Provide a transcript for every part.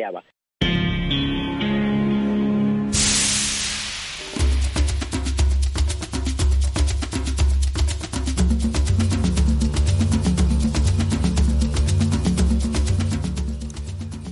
Yaba.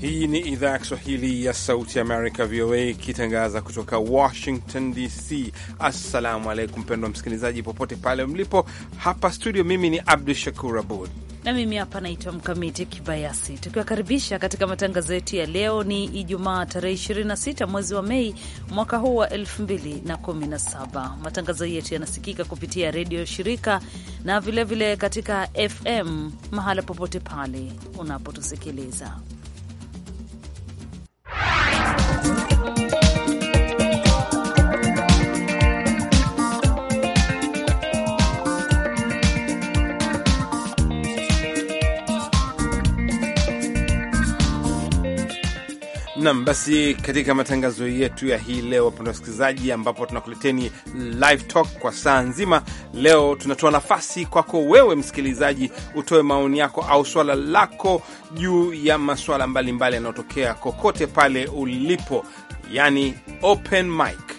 Hii ni idhaa ya Kiswahili ya Sauti ya Amerika, VOA, ikitangaza kutoka Washington DC. Assalamu alaikum mpendwa msikilizaji, popote pale mlipo. Hapa studio, mimi ni Abdu Shakur Abud na mimi hapa naitwa Mkamiti Kibayasi, tukiwakaribisha katika matangazo yetu ya leo. Ni Ijumaa tarehe 26 mwezi wa Mei mwaka huu wa 2017. Matangazo yetu yanasikika kupitia redio shirika na vilevile vile katika FM mahala popote pale unapotusikiliza. Nam, basi katika matangazo yetu ya hii leo, wapenda wasikilizaji, ambapo tunakuleteni live talk kwa saa nzima. Leo tunatoa nafasi kwako wewe msikilizaji, utoe maoni yako au swala lako juu ya maswala mbalimbali yanayotokea kokote pale ulipo, yani open mic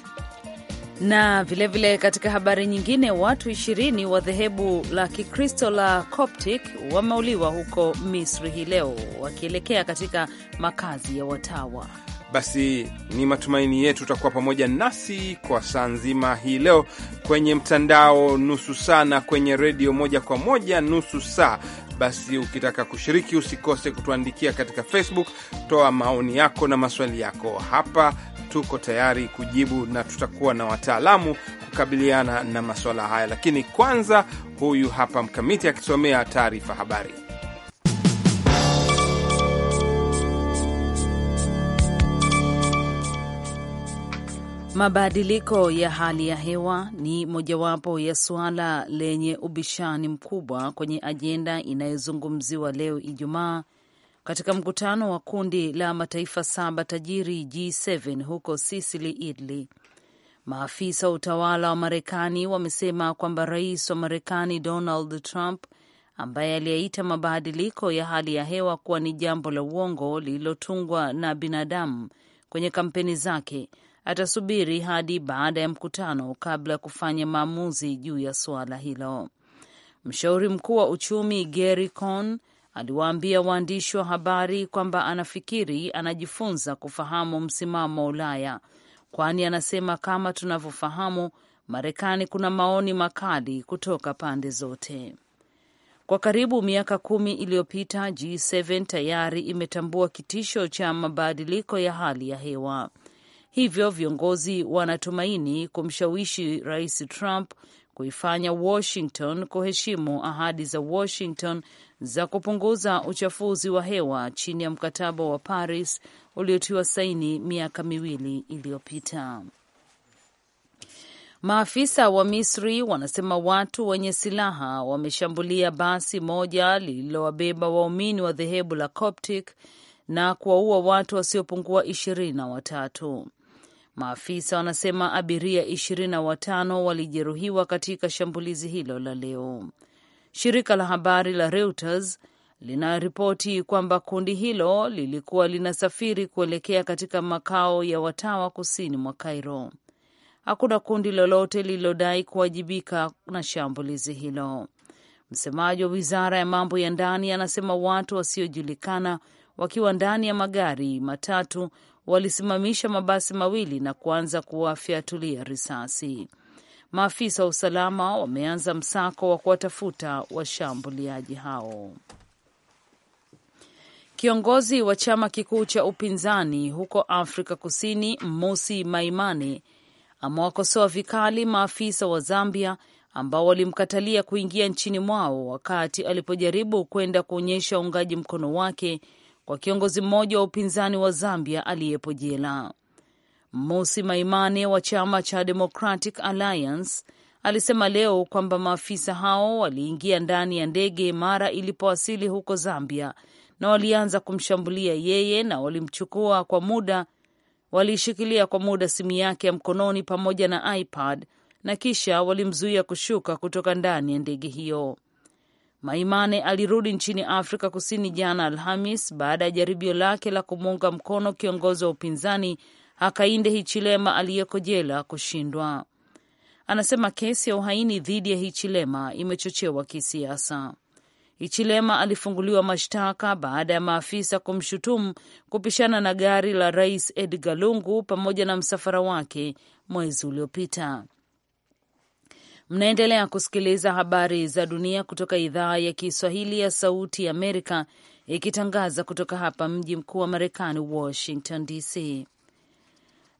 na vilevile vile katika habari nyingine, watu ishirini wa dhehebu la Kikristo la Coptic wameuliwa huko Misri hii leo wakielekea katika makazi ya watawa. Basi ni matumaini yetu utakuwa pamoja nasi kwa saa nzima hii leo, kwenye mtandao nusu saa na kwenye redio moja kwa moja nusu saa. Basi ukitaka kushiriki usikose kutuandikia katika Facebook, toa maoni yako na maswali yako hapa tuko tayari kujibu na tutakuwa na wataalamu kukabiliana na masuala haya, lakini kwanza, huyu hapa Mkamiti akisomea taarifa habari. Mabadiliko ya hali ya hewa ni mojawapo ya suala lenye ubishani mkubwa kwenye ajenda inayozungumziwa leo Ijumaa katika mkutano wa kundi la mataifa saba tajiri G7 huko Sisili, Italy. Maafisa wa utawala wa Marekani wamesema kwamba rais wa Marekani Donald Trump, ambaye aliyeita mabadiliko ya hali ya hewa kuwa ni jambo la uongo lililotungwa na binadamu kwenye kampeni zake, atasubiri hadi baada ya mkutano kabla ya kufanya maamuzi juu ya suala hilo. Mshauri mkuu wa uchumi Gary Cohn aliwaambia waandishi wa habari kwamba anafikiri anajifunza kufahamu msimamo wa Ulaya, kwani anasema kama tunavyofahamu, Marekani kuna maoni makali kutoka pande zote. Kwa karibu miaka kumi iliyopita G7 tayari imetambua kitisho cha mabadiliko ya hali ya hewa. Hivyo viongozi wanatumaini kumshawishi Rais Trump kuifanya Washington kuheshimu ahadi za Washington za kupunguza uchafuzi wa hewa chini ya mkataba wa Paris uliotiwa saini miaka miwili iliyopita. Maafisa wa Misri wanasema watu wenye silaha wameshambulia basi moja lililowabeba waumini wa dhehebu la Coptic na kuwaua watu wasiopungua ishirini na watatu. Maafisa wanasema abiria ishirini na watano walijeruhiwa katika shambulizi hilo la leo. Shirika la habari la Reuters linaripoti kwamba kundi hilo lilikuwa linasafiri kuelekea katika makao ya watawa kusini mwa Cairo. Hakuna kundi lolote lililodai kuwajibika na shambulizi hilo. Msemaji wa wizara ya mambo ya ndani anasema watu wasiojulikana wakiwa ndani ya magari matatu walisimamisha mabasi mawili na kuanza kuwafyatulia risasi. Maafisa wa usalama wameanza msako wa kuwatafuta washambuliaji hao. Kiongozi wa chama kikuu cha upinzani huko Afrika Kusini, Musi Maimane, amewakosoa vikali maafisa wa Zambia ambao walimkatalia kuingia nchini mwao wakati alipojaribu kwenda kuonyesha uungaji mkono wake kwa kiongozi mmoja wa upinzani wa Zambia aliyepo jela. Mosi Maimane wa chama cha Democratic Alliance alisema leo kwamba maafisa hao waliingia ndani ya ndege mara ilipowasili huko Zambia na walianza kumshambulia yeye na walimchukua kwa muda, waliishikilia kwa muda simu yake ya mkononi pamoja na iPad na kisha walimzuia kushuka kutoka ndani ya ndege hiyo. Maimane alirudi nchini Afrika Kusini jana Alhamis baada ya jaribio lake la kumuunga mkono kiongozi wa upinzani Hakainde Hichilema aliyeko jela kushindwa. Anasema kesi ya uhaini dhidi ya Hichilema imechochewa kisiasa. Hichilema alifunguliwa mashtaka baada ya maafisa kumshutumu kupishana na gari la rais Edgar Lungu pamoja na msafara wake mwezi uliopita. Mnaendelea kusikiliza habari za dunia kutoka idhaa ya Kiswahili ya Sauti Amerika ikitangaza kutoka hapa mji mkuu wa Marekani, Washington DC.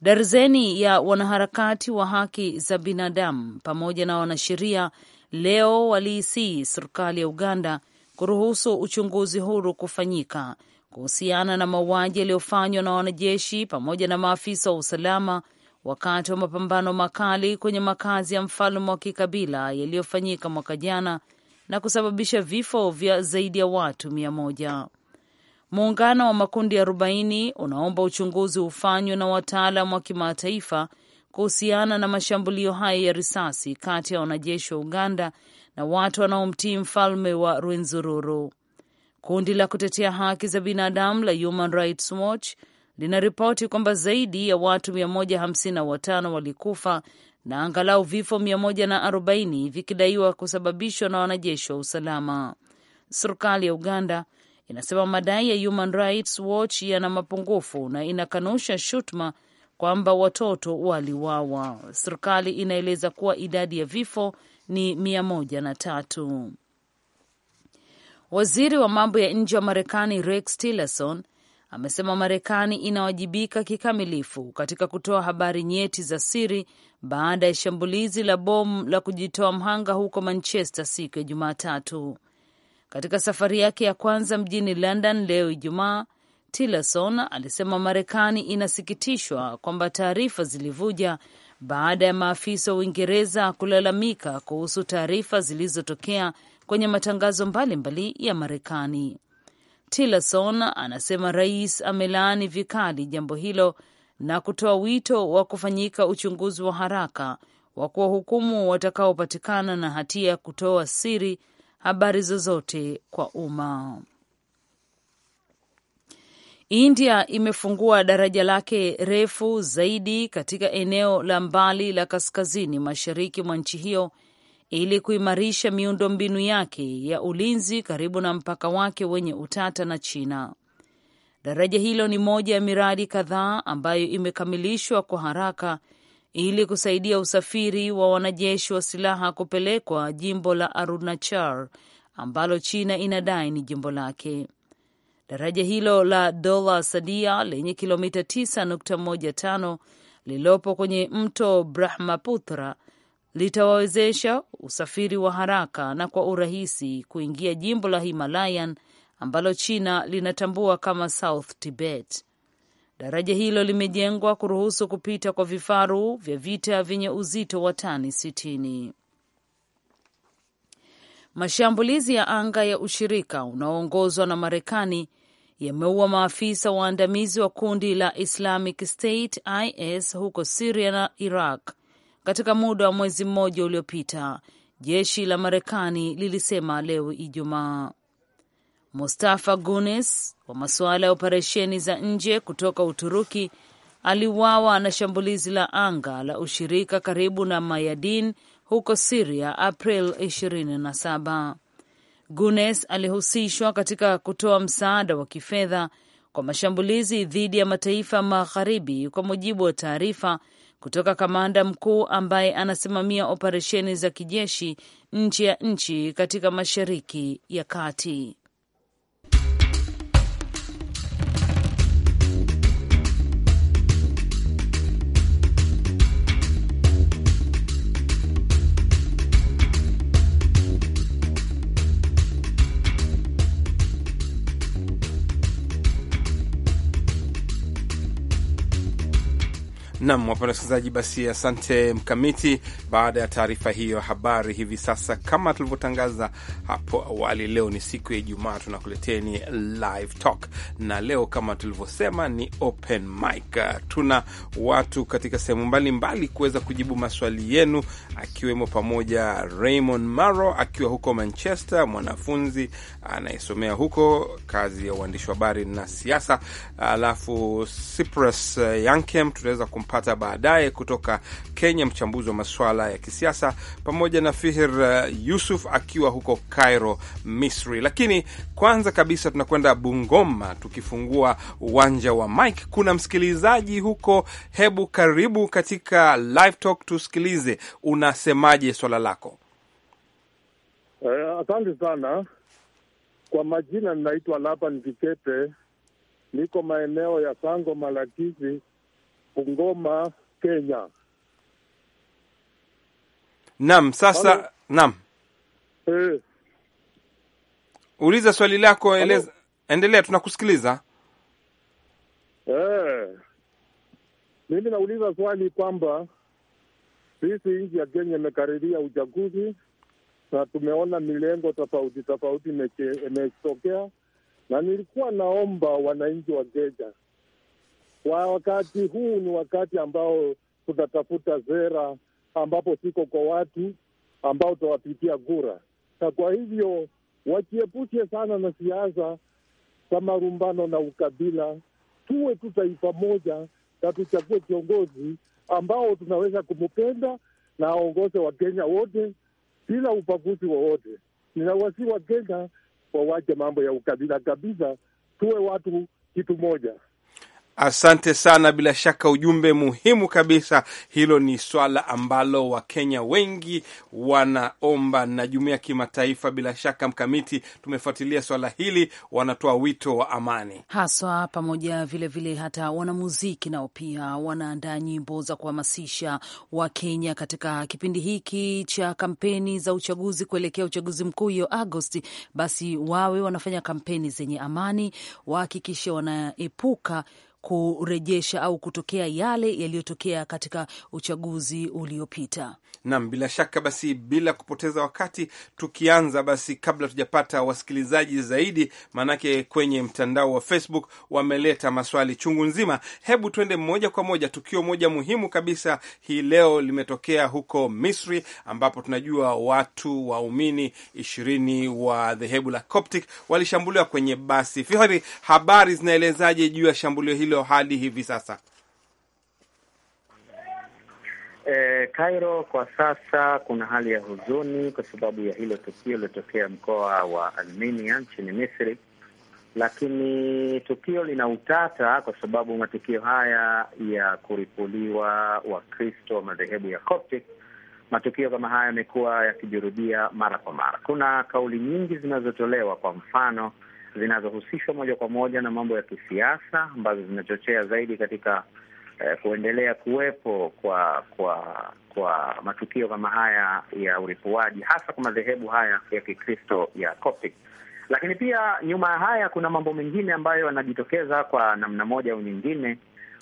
Darzeni ya wanaharakati wa haki za binadamu pamoja na wanasheria leo waliisii serikali ya Uganda kuruhusu uchunguzi huru kufanyika kuhusiana na mauaji yaliyofanywa na wanajeshi pamoja na maafisa wa usalama wakati wa mapambano makali kwenye makazi ya mfalme wa kikabila yaliyofanyika mwaka jana na kusababisha vifo vya zaidi ya watu mia moja. Muungano wa makundi arobaini unaomba uchunguzi ufanywe na wataalam wa kimataifa kuhusiana na mashambulio hayo ya risasi kati ya wanajeshi wa Uganda na watu wanaomtii mfalme wa Rwenzururu. Kundi la kutetea haki za binadamu la Human Rights Watch linaripoti kwamba zaidi ya watu 155 walikufa na angalau vifo 140 vikidaiwa kusababishwa na wanajeshi wa usalama. Serikali ya Uganda inasema madai ya Human Rights Watch yana mapungufu na inakanusha shutuma kwamba watoto waliwawa. Serikali inaeleza kuwa idadi ya vifo ni mia moja na tatu. Waziri wa mambo ya nje wa Marekani Rex Tillerson amesema Marekani inawajibika kikamilifu katika kutoa habari nyeti za siri baada ya shambulizi la bomu la kujitoa mhanga huko Manchester siku ya Jumatatu. Katika safari yake ya kwanza mjini London leo Ijumaa, Tillerson alisema Marekani inasikitishwa kwamba taarifa zilivuja baada ya maafisa wa Uingereza kulalamika kuhusu taarifa zilizotokea kwenye matangazo mbalimbali mbali ya Marekani. Tillerson anasema rais amelaani vikali jambo hilo na kutoa wito wa kufanyika uchunguzi wa haraka wa kuwahukumu watakaopatikana na hatia ya kutoa siri habari zozote kwa umma. India imefungua daraja lake refu zaidi katika eneo la mbali la kaskazini mashariki mwa nchi hiyo ili kuimarisha miundombinu yake ya ulinzi karibu na mpaka wake wenye utata na China. Daraja hilo ni moja ya miradi kadhaa ambayo imekamilishwa kwa haraka ili kusaidia usafiri wa wanajeshi wa silaha kupelekwa jimbo la Arunachar ambalo China inadai ni jimbo lake. Daraja hilo la dola sadia lenye kilomita 9.15 lililopo kwenye mto Brahmaputra litawawezesha usafiri wa haraka na kwa urahisi kuingia jimbo la Himalayan ambalo China linatambua kama South Tibet. Daraja hilo limejengwa kuruhusu kupita kwa vifaru vya vita vyenye uzito wa tani sitini. Mashambulizi ya anga ya ushirika unaoongozwa na Marekani yameua maafisa waandamizi wa kundi la Islamic State IS huko Siria na Iraq katika muda wa mwezi mmoja uliopita, jeshi la Marekani lilisema leo Ijumaa. Mustafa Gunes wa masuala ya operesheni za nje kutoka Uturuki aliuawa na shambulizi la anga la ushirika karibu na Mayadin huko Siria April 27. Gunes alihusishwa katika kutoa msaada wa kifedha kwa mashambulizi dhidi ya mataifa magharibi, kwa mujibu wa taarifa kutoka kamanda mkuu ambaye anasimamia operesheni za kijeshi nchi ya nchi katika Mashariki ya Kati. Nam, wapenda wasikilizaji, basi asante Mkamiti. Baada ya taarifa hiyo habari, hivi sasa kama tulivyotangaza hapo awali, leo ni siku ya Ijumaa, tunakuleteni live talk, na leo kama tulivyosema ni open mic. Tuna watu katika sehemu mbalimbali kuweza kujibu maswali yenu, akiwemo pamoja Raymond Maro akiwa huko Manchester, mwanafunzi anayesomea huko kazi ya uandishi wa habari na siasa, alafu Cyprus Yankem tutaweza kumpa tutapata baadaye kutoka Kenya, mchambuzi wa masuala ya kisiasa, pamoja na Fihir uh, Yusuf akiwa huko Cairo, Misri. Lakini kwanza kabisa tunakwenda Bungoma, tukifungua uwanja wa Mike. Kuna msikilizaji huko, hebu karibu katika Live Talk, tusikilize unasemaje swala lako. Eh, asante sana kwa majina, ninaitwa Laban Kikete, niko maeneo ya Sango Malakizi, Bungoma, Kenya. Naam, sasa naam, Eh. uliza swali lako, eleza, endelea, tunakusikiliza. Eh. mimi nauliza swali kwamba sisi nchi ya Kenya imekaribia uchaguzi na tumeona milengo tofauti tofauti imetokea, na nilikuwa naomba wananchi wa Kenya wa wakati huu ni wakati ambao tutatafuta zera ambapo siko kwa watu ambao tutawapigia kura, na kwa hivyo wajiepushe sana na siasa za marumbano na ukabila. Tuwe tu taifa moja na tuchague kiongozi ambao tunaweza kumpenda na aongoze Wakenya wote bila ubaguzi wowote. Ninawasii Wakenya wawache mambo ya ukabila kabisa, tuwe watu kitu moja. Asante sana, bila shaka ujumbe muhimu kabisa. Hilo ni swala ambalo Wakenya wengi wanaomba na jumuiya ya kimataifa. Bila shaka, Mkamiti, tumefuatilia swala hili, wanatoa wito wa amani haswa, pamoja vilevile hata wanamuziki nao pia wanaandaa nyimbo za kuhamasisha Wakenya katika kipindi hiki cha kampeni za uchaguzi kuelekea uchaguzi mkuu hiyo Agosti. Basi wawe wanafanya kampeni zenye amani, wahakikishe wanaepuka kurejesha au kutokea yale yaliyotokea katika uchaguzi uliopita. Naam, bila shaka. Basi bila kupoteza wakati, tukianza basi, kabla tujapata wasikilizaji zaidi, maanake kwenye mtandao wa Facebook wameleta maswali chungu nzima, hebu tuende moja kwa moja. Tukio moja muhimu kabisa hii leo limetokea huko Misri, ambapo tunajua watu waumini ishirini wa dhehebu la Coptic walishambuliwa kwenye basi. Fihari, habari zinaelezaje juu ya shambulio hili? hilo hadi hivi sasa? Eh, Cairo, kwa sasa kuna hali ya huzuni kwa sababu ya hilo tukio lilotokea mkoa wa Alminia nchini Misri, lakini tukio lina utata kwa sababu matukio haya ya kuripuliwa Wakristo wa madhehebu ya Coptic, matukio kama haya yamekuwa yakijirudia mara kwa mara. Kuna kauli nyingi zinazotolewa, kwa mfano zinazohusishwa moja kwa moja na mambo ya kisiasa ambazo zinachochea zaidi katika eh, kuendelea kuwepo kwa kwa kwa matukio kama haya ya uripuaji hasa kwa madhehebu haya ya Kikristo ya Coptic. Lakini pia nyuma ya haya kuna mambo mengine ambayo yanajitokeza kwa namna moja au nyingine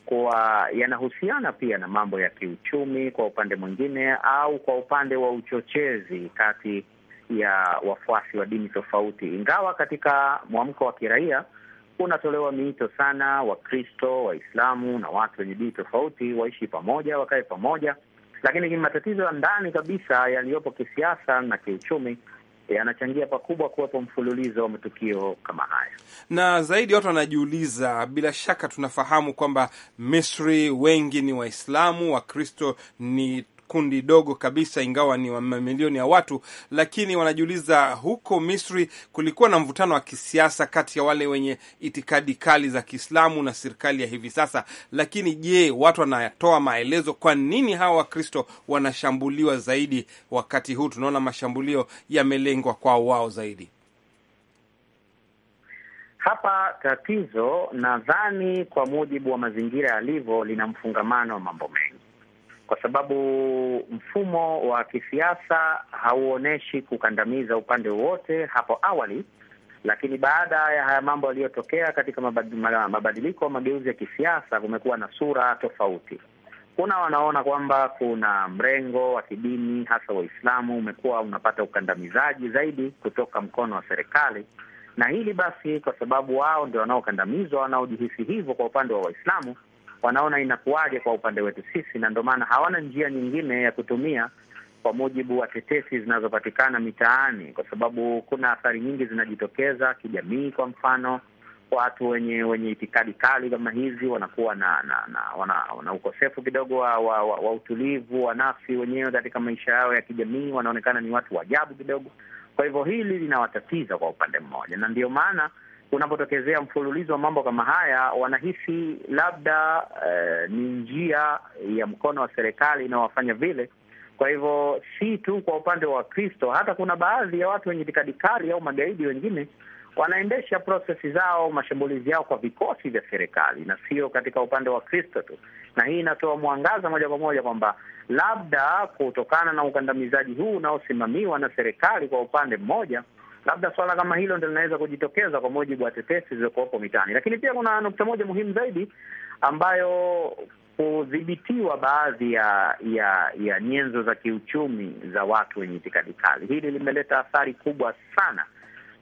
kuwa yanahusiana pia na mambo ya kiuchumi kwa upande mwingine, au kwa upande wa uchochezi kati ya wafuasi wa dini tofauti, ingawa katika mwamko wa kiraia unatolewa miito sana, Wakristo, Waislamu na watu wenye dini tofauti waishi pamoja, wakae pamoja, lakini matatizo ya ndani kabisa yaliyopo kisiasa na kiuchumi yanachangia pakubwa kuwepo mfululizo wa matukio kama haya. Na zaidi watu wanajiuliza, bila shaka tunafahamu kwamba Misri wengi ni Waislamu, Wakristo ni kundi dogo kabisa, ingawa ni mamilioni ya watu, lakini wanajiuliza huko Misri kulikuwa na mvutano wa kisiasa kati ya wale wenye itikadi kali za Kiislamu na serikali ya hivi sasa. Lakini je, watu wanatoa maelezo kwa nini hawa Wakristo wanashambuliwa zaidi? Wakati huu tunaona mashambulio yamelengwa kwao wao zaidi. Hapa tatizo, nadhani kwa mujibu wa mazingira yalivyo, lina mfungamano wa mambo mengi kwa sababu mfumo wa kisiasa hauonyeshi kukandamiza upande wowote hapo awali, lakini baada ya haya mambo yaliyotokea katika mabadiliko, mageuzi ya kisiasa, kumekuwa na sura tofauti. Kuna wanaona kwamba kuna mrengo wa kidini, hasa Waislamu, umekuwa unapata ukandamizaji zaidi kutoka mkono wa serikali, na hili basi, kwa sababu wao ndio wanaokandamizwa wanaojihisi hivyo kwa upande wa Waislamu wanaona inakuwaje kwa upande wetu sisi, na ndio maana hawana njia nyingine ya kutumia kwa mujibu wa tetesi zinazopatikana mitaani, kwa sababu kuna athari nyingi zinajitokeza kijamii. Kwa mfano, watu wenye wenye itikadi kali kama hizi wanakuwa na na, na wana, wana ukosefu kidogo wa, wa, wa, wa utulivu wa nafsi wenyewe katika maisha yao ya kijamii, wanaonekana ni watu wajabu kidogo. Kwa hivyo hili linawatatiza kwa upande mmoja, na ndio maana unapotokezea mfululizo wa mambo kama haya, wanahisi labda uh, ni njia ya mkono wa serikali inayowafanya vile. Kwa hivyo si tu kwa upande wa Wakristo, hata kuna baadhi ya watu wenye itikadi kali au magaidi wengine wanaendesha prosesi zao, mashambulizi yao kwa vikosi vya serikali na sio katika upande wa Kristo tu, na hii inatoa mwangaza moja kwa moja kwamba labda kutokana na ukandamizaji huu unaosimamiwa na serikali kwa upande mmoja labda swala kama hilo ndio linaweza kujitokeza kwa mujibu wa tetesi zilizokuwepo mitaani. Lakini pia kuna nukta moja muhimu zaidi ambayo kudhibitiwa baadhi ya ya ya nyenzo za kiuchumi za watu wenye itikadi kali, hili limeleta athari kubwa sana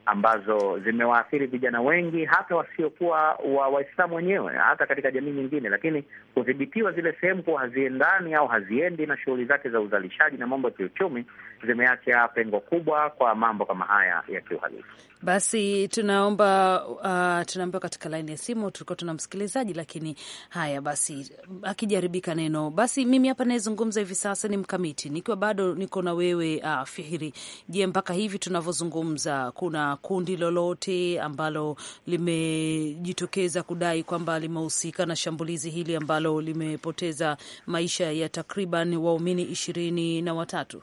ambazo zimewaathiri vijana wengi hata wasiokuwa wa Waislamu wenyewe, hata katika jamii nyingine, lakini kudhibitiwa zile sehemu kuwa haziendani au haziendi na shughuli zake za uzalishaji na mambo ya kiuchumi, zimeacha pengo kubwa kwa mambo kama haya ya kiuhalifu. Basi tunaomba uh, tunaambiwa katika laini ya simu tulikuwa tuna msikilizaji, lakini haya basi, akijaribika neno basi. Mimi hapa nayezungumza hivi sasa ni Mkamiti, nikiwa bado niko na wewe uh, Fihiri. Je, mpaka hivi tunavyozungumza kuna kundi lolote ambalo limejitokeza kudai kwamba limehusika na shambulizi hili ambalo limepoteza maisha ya takriban waumini ishirini na watatu?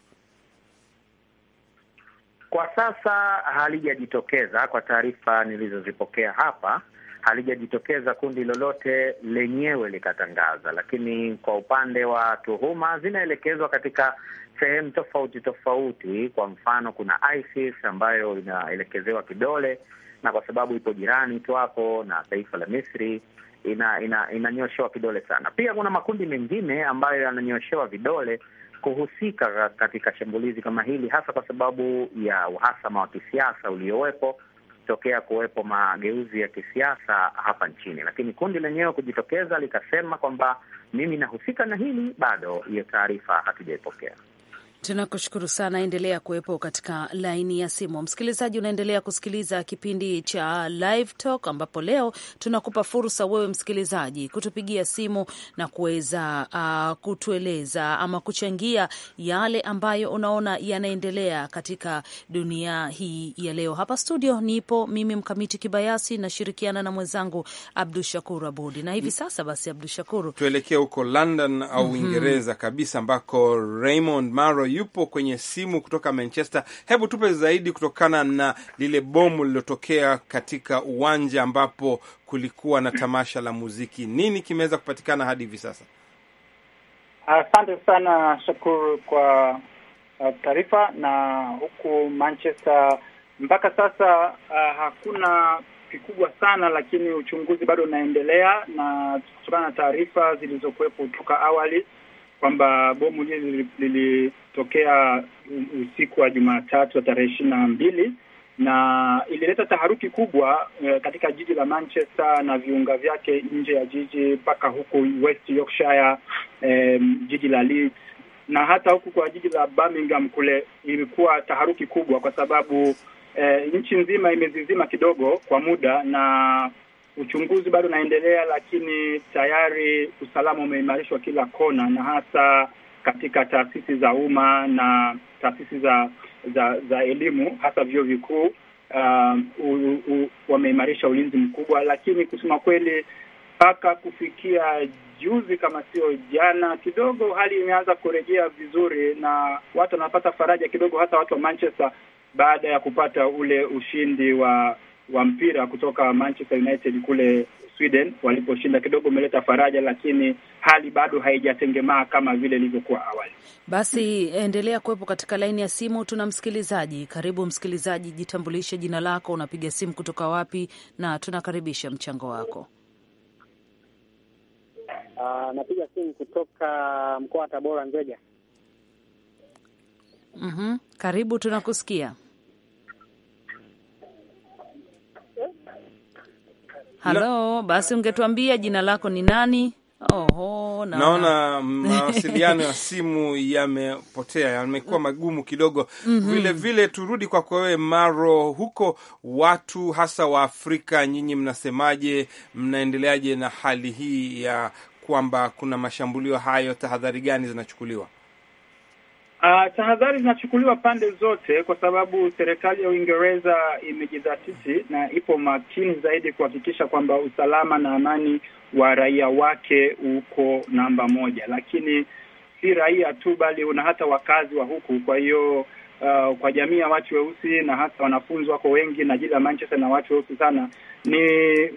Kwa sasa halijajitokeza kwa taarifa nilizozipokea hapa, halijajitokeza kundi lolote lenyewe likatangaza, lakini kwa upande wa tuhuma zinaelekezwa katika sehemu tofauti tofauti. Kwa mfano, kuna ISIS ambayo inaelekezewa kidole, na kwa sababu ipo jirani tu hapo na taifa la Misri ina, ina, inanyoshewa kidole sana. Pia kuna makundi mengine ambayo yananyoshewa vidole kuhusika katika shambulizi kama hili, hasa kwa sababu ya uhasama wa kisiasa uliowepo tokea kuwepo mageuzi ya kisiasa hapa nchini, lakini kundi lenyewe kujitokeza likasema kwamba mimi nahusika na hili, bado hiyo taarifa hatujaipokea. Tunakushukuru sana, endelea kuwepo katika laini ya simu. Msikilizaji, unaendelea kusikiliza kipindi cha Live Talk ambapo leo tunakupa fursa wewe msikilizaji kutupigia simu na kuweza uh, kutueleza ama kuchangia yale ambayo unaona yanaendelea katika dunia hii ya leo. Hapa studio nipo mimi Mkamiti Kibayasi, nashirikiana na mwenzangu Abdu Shakur Abudi, na hivi mm. sasa basi, Abdu Shakuru, tuelekee huko London au mhm. Uingereza mm -hmm. kabisa ambako Raymond Maro yupo kwenye simu kutoka Manchester. Hebu tupe zaidi kutokana na lile bomu lililotokea katika uwanja ambapo kulikuwa na tamasha la muziki. Nini kimeweza kupatikana hadi hivi sasa? Asante uh, sana Shukuru kwa uh, taarifa. Na huku Manchester mpaka sasa uh, hakuna kikubwa sana, lakini uchunguzi bado unaendelea, na kutokana na taarifa zilizokuwepo toka awali kwamba bomu hili lilitokea usiku wa Jumatatu wa tarehe ishirini na mbili na ilileta taharuki kubwa eh, katika jiji la Manchester na viunga vyake nje ya jiji mpaka huku West Yorkshire eh, jiji la Leeds na hata huku kwa jiji la Birmingham kule ilikuwa taharuki kubwa kwa sababu eh, nchi nzima imezizima kidogo kwa muda na uchunguzi bado unaendelea, lakini tayari usalama umeimarishwa kila kona, na hasa katika taasisi za umma na taasisi za za za elimu, hasa vyuo vikuu uh, wameimarisha ulinzi mkubwa, lakini kusema kweli mpaka kufikia juzi kama sio jana, kidogo hali imeanza kurejea vizuri na watu wanapata faraja kidogo, hasa watu wa Manchester baada ya kupata ule ushindi wa wa mpira kutoka Manchester United kule Sweden waliposhinda kidogo umeleta faraja, lakini hali bado haijatengemaa kama vile ilivyokuwa awali. Basi endelea kuwepo katika laini ya simu. Tuna msikilizaji. Karibu msikilizaji, jitambulishe jina lako, unapiga simu kutoka wapi, na tunakaribisha mchango wako. Uh, napiga simu kutoka mkoa wa Tabora, Nzega. Mm-hmm. Karibu, tunakusikia. Halo, basi ungetuambia jina lako ni nani? Oho, na naona mawasiliano ya simu yamepotea, yamekuwa magumu kidogo. mm -hmm. Vile vile turudi kwako wewe Maro, huko watu hasa wa Afrika, nyinyi mnasemaje? Mnaendeleaje na hali hii ya kwamba kuna mashambulio hayo? Tahadhari gani zinachukuliwa? Uh, tahadhari zinachukuliwa pande zote, kwa sababu serikali ya Uingereza imejidhatiti na ipo makini zaidi kuhakikisha kwamba usalama na amani wa raia wake uko namba moja, lakini si raia tu, bali una hata wakazi wa huku. Kwa hiyo uh, kwa jamii ya watu weusi na hasa wanafunzi wako wengi na jiji la Manchester na watu weusi sana, ni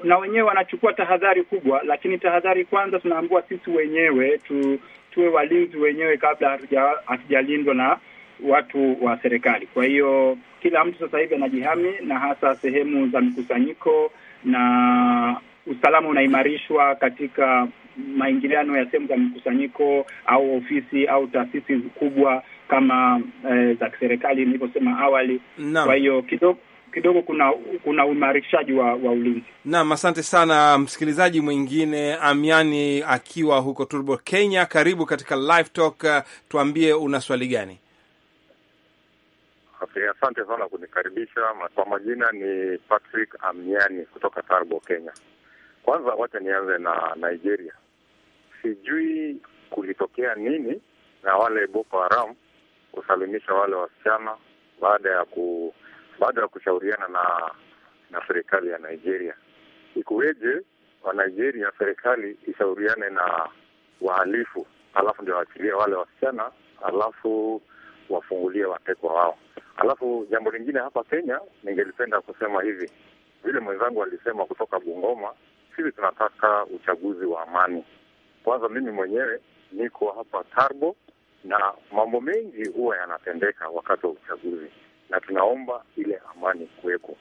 na wenyewe wanachukua tahadhari kubwa, lakini tahadhari kwanza tunaambua sisi wenyewe tu tuwe walinzi wenyewe kabla hatujalindwa na watu wa serikali. Kwa hiyo kila mtu sasa hivi anajihami, na hasa sehemu za mikusanyiko, na usalama unaimarishwa katika maingiliano ya sehemu za mikusanyiko au ofisi au taasisi kubwa kama eh, za kiserikali nilivyosema awali. Kwa hiyo kidogo kidogo kuna kuna uimarishaji wa, wa ulinzi. Naam, asante sana msikilizaji mwingine Amiani akiwa huko Turbo, Kenya. Karibu katika Live Talk, uh, tuambie una swali gani? Asante sana kunikaribisha. Kwa majina ni Patrick Amiani kutoka Turbo, Kenya. Kwanza wacha nianze na Nigeria. Sijui kulitokea nini na wale Boko Haram kusalimisha wale wasichana baada ya ku baada ya kushauriana na na serikali ya Nigeria. Ikuweje wa Nigeria serikali ishauriane na wahalifu, alafu ndio waachilie wale wasichana, alafu wafungulie watekwa wao. Alafu jambo lingine hapa Kenya, ningelipenda kusema hivi vile mwenzangu alisema kutoka Bungoma, sisi tunataka uchaguzi wa amani. Kwanza mimi mwenyewe niko hapa Tarbo na mambo mengi huwa yanatendeka wakati wa uchaguzi na tunaomba ile amani kuweko.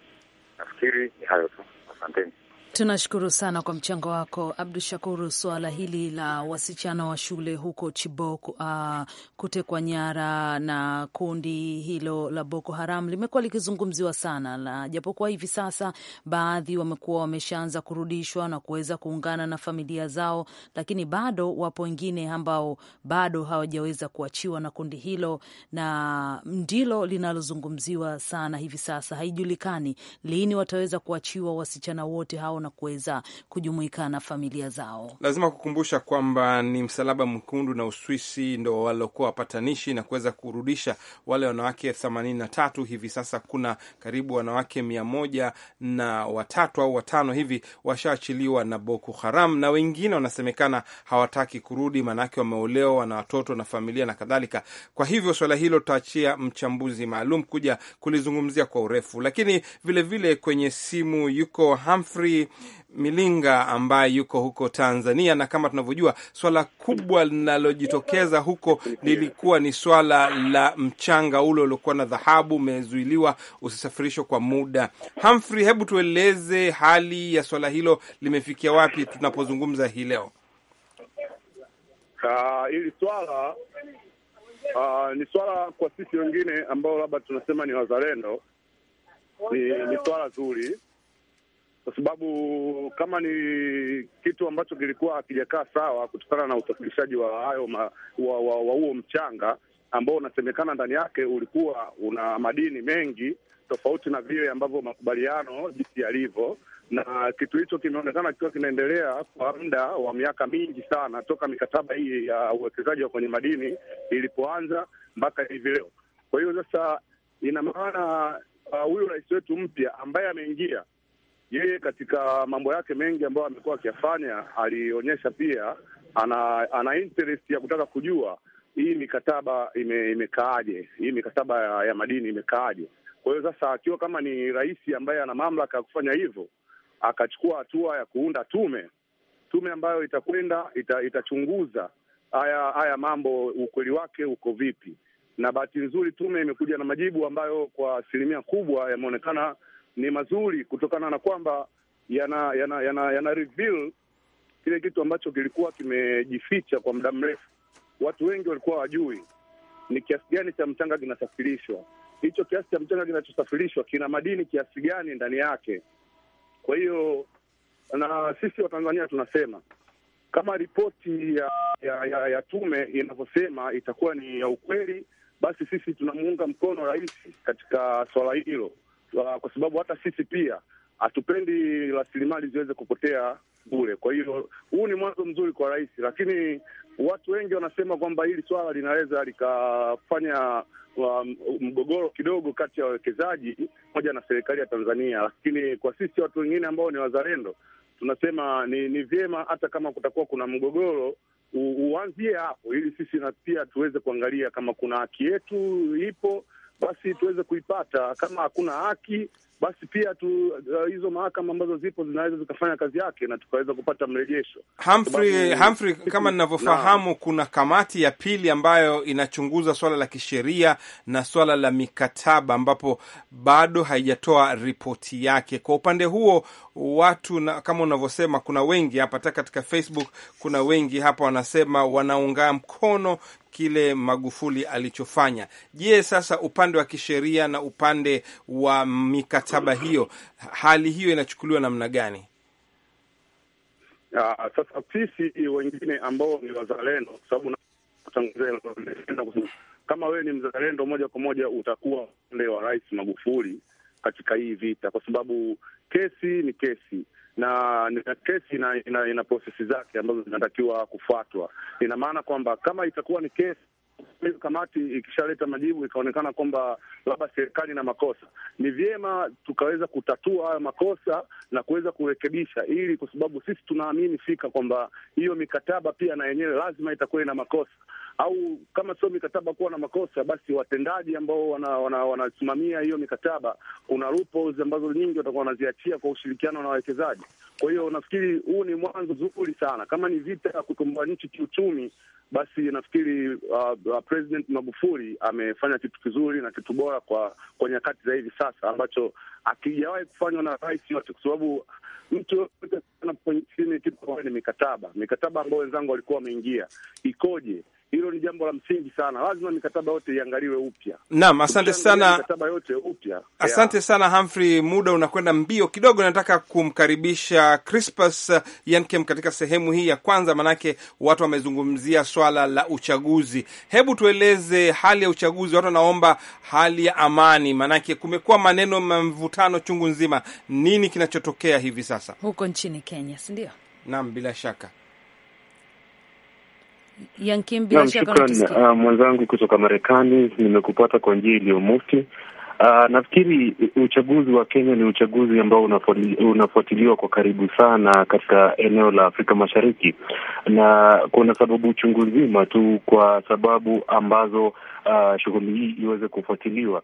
Nafikiri ni hayo tu, asanteni. Tunashukuru sana kwa mchango wako Abdu Shakuru. Suala hili la wasichana wa shule huko Chibok uh, kutekwa nyara na kundi hilo la Boko Haram limekuwa likizungumziwa sana, na japokuwa hivi sasa baadhi wamekuwa wameshaanza kurudishwa na kuweza kuungana na familia zao, lakini bado wapo wengine ambao bado hawajaweza kuachiwa na kundi hilo, na ndilo linalozungumziwa sana hivi sasa. Haijulikani lini wataweza kuachiwa wasichana wote hao na kuweza kujumuika na familia zao. Lazima kukumbusha kwamba ni Msalaba Mwekundu na Uswisi ndo walokuwa wapatanishi na kuweza kurudisha wale wanawake elfu themanini na tatu. Hivi sasa kuna karibu wanawake mia moja na watatu au watano hivi washaachiliwa na Boko Haram, na wengine wanasemekana hawataki kurudi, maanake wameolewa, wana watoto na familia na kadhalika. Kwa hivyo swala hilo tutaachia mchambuzi maalum kuja kulizungumzia kwa urefu, lakini vilevile vile kwenye simu yuko Humphrey Milinga ambaye yuko huko Tanzania, na kama tunavyojua swala kubwa linalojitokeza huko lilikuwa ni swala la mchanga ule uliokuwa na dhahabu umezuiliwa usisafirishwe kwa muda. Humphrey, hebu tueleze hali ya swala hilo limefikia wapi tunapozungumza hii leo? Hili ah, uh, swala uh, ni swala kwa sisi wengine ambao labda tunasema ni wazalendo, ni, ni swala zuri kwa sababu kama ni kitu ambacho kilikuwa hakijakaa sawa kutokana na usafirishaji wa hayo wa huo mchanga ambao unasemekana ndani yake ulikuwa una madini mengi tofauti na vile ambavyo makubaliano jinsi yalivyo, na kitu hicho kimeonekana kikiwa kinaendelea kwa muda wa miaka mingi sana toka mikataba hii ya uwekezaji wa kwenye madini ilipoanza mpaka hivi leo. Kwa hiyo sasa, ina maana uh, huyu uh, rais wetu mpya ambaye ameingia yeye katika mambo yake mengi ambayo amekuwa akiyafanya, alionyesha pia ana, ana interest ya kutaka kujua hii mikataba ime, imekaaje, hii mikataba ya, ya madini imekaaje. Kwa hiyo sasa, akiwa kama ni rais ambaye ana mamlaka ya kufanya hivyo, akachukua hatua ya kuunda tume, tume ambayo itakwenda ita, itachunguza haya haya mambo, ukweli wake uko vipi. Na bahati nzuri tume imekuja na majibu ambayo kwa asilimia kubwa yameonekana ni mazuri kutokana na kwamba yana yana yana, yana reveal kile kitu ambacho kilikuwa kimejificha kwa muda mrefu. Watu wengi walikuwa wajui ni kiasi gani cha mchanga kinasafirishwa. Hicho kiasi cha mchanga kinachosafirishwa kina madini kiasi gani ndani yake? Kwa hiyo na sisi Watanzania tunasema kama ripoti ya, ya, ya, ya tume inavyosema itakuwa ni ya ukweli, basi sisi tunamuunga mkono rais katika swala hilo uh, kwa sababu hata sisi pia hatupendi rasilimali ziweze kupotea bure. Kwa hiyo huu ni mwanzo mzuri kwa rais, lakini watu wengi wanasema kwamba hili swala linaweza likafanya um, mgogoro kidogo kati ya wawekezaji pamoja na serikali ya Tanzania, lakini kwa sisi watu wengine ambao ni wazalendo tunasema ni, ni vyema hata kama kutakuwa kuna mgogoro uanzie hapo, ili sisi na pia tuweze kuangalia kama kuna haki yetu ipo basi tuweze kuipata. Kama hakuna haki, basi pia tu uh, hizo mahakama ambazo zipo zinaweza zikafanya kazi yake na tukaweza kupata mrejesho. Humphrey, Humphrey, kama ninavyofahamu na, kuna kamati ya pili ambayo inachunguza swala la kisheria na swala la mikataba ambapo bado haijatoa ripoti yake. Kwa upande huo watu na, kama unavyosema kuna wengi hapa hata katika Facebook kuna wengi hapa wanasema wanaunga mkono kile Magufuli alichofanya. Je, sasa upande wa kisheria na upande wa mikataba hiyo, hali hiyo inachukuliwa namna gani? Ya, ah, sasa sisi wengine ambao ni wazalendo, kwa sababu kama wewe ni mzalendo moja kwa moja utakuwa upande wa Rais Magufuli katika hii vita, kwa sababu kesi ni kesi na na kesi ina, ina, ina prosesi zake ambazo zinatakiwa kufuatwa. Ina maana kwamba kama itakuwa ni kesi kamati ikishaleta majibu ikaonekana kwamba labda serikali na makosa, ni vyema tukaweza kutatua haya makosa na kuweza kurekebisha, ili kwa sababu sisi tunaamini fika kwamba hiyo mikataba pia na yenyewe lazima itakuwa ina makosa au kama sio mikataba kuwa na makosa basi watendaji ambao wanasimamia wana, wana hiyo mikataba kuna loopholes ambazo nyingi watakuwa wanaziachia kwa ushirikiano na wawekezaji. Kwa hiyo nafikiri huu ni mwanzo zuri sana. Kama ni vita ya kutumbua nchi kiuchumi, basi nafikiri uh, uh President Magufuli amefanya kitu kizuri na kitu bora kwa kwa nyakati za hivi sasa ambacho akijawahi kufanywa na rais yote, kwa sababu mtu yoyote kitu ni mikataba, mikataba ambayo wenzangu walikuwa wameingia ikoje hilo ni jambo la msingi sana, lazima mikataba yote iangaliwe upya. Naam, asante sana, mikataba yote upya. Asante sana Humphrey, muda unakwenda mbio kidogo. Nataka kumkaribisha Crispus Yankem katika sehemu hii ya kwanza, manake watu wamezungumzia swala la uchaguzi. Hebu tueleze hali ya uchaguzi, watu wanaomba hali ya amani, manake kumekuwa maneno mvutano chungu nzima. Nini kinachotokea hivi sasa huko nchini Kenya, si ndio? Naam, bila shaka Yankim, bila shaka uh, mwenzangu kutoka Marekani, nimekupata kwa njia iliyo mufti. Uh, nafikiri uchaguzi wa Kenya ni uchaguzi ambao unafuatiliwa kwa karibu sana katika eneo la Afrika Mashariki, na kuna sababu chungu nzima tu kwa sababu ambazo uh, shughuli hii iweze kufuatiliwa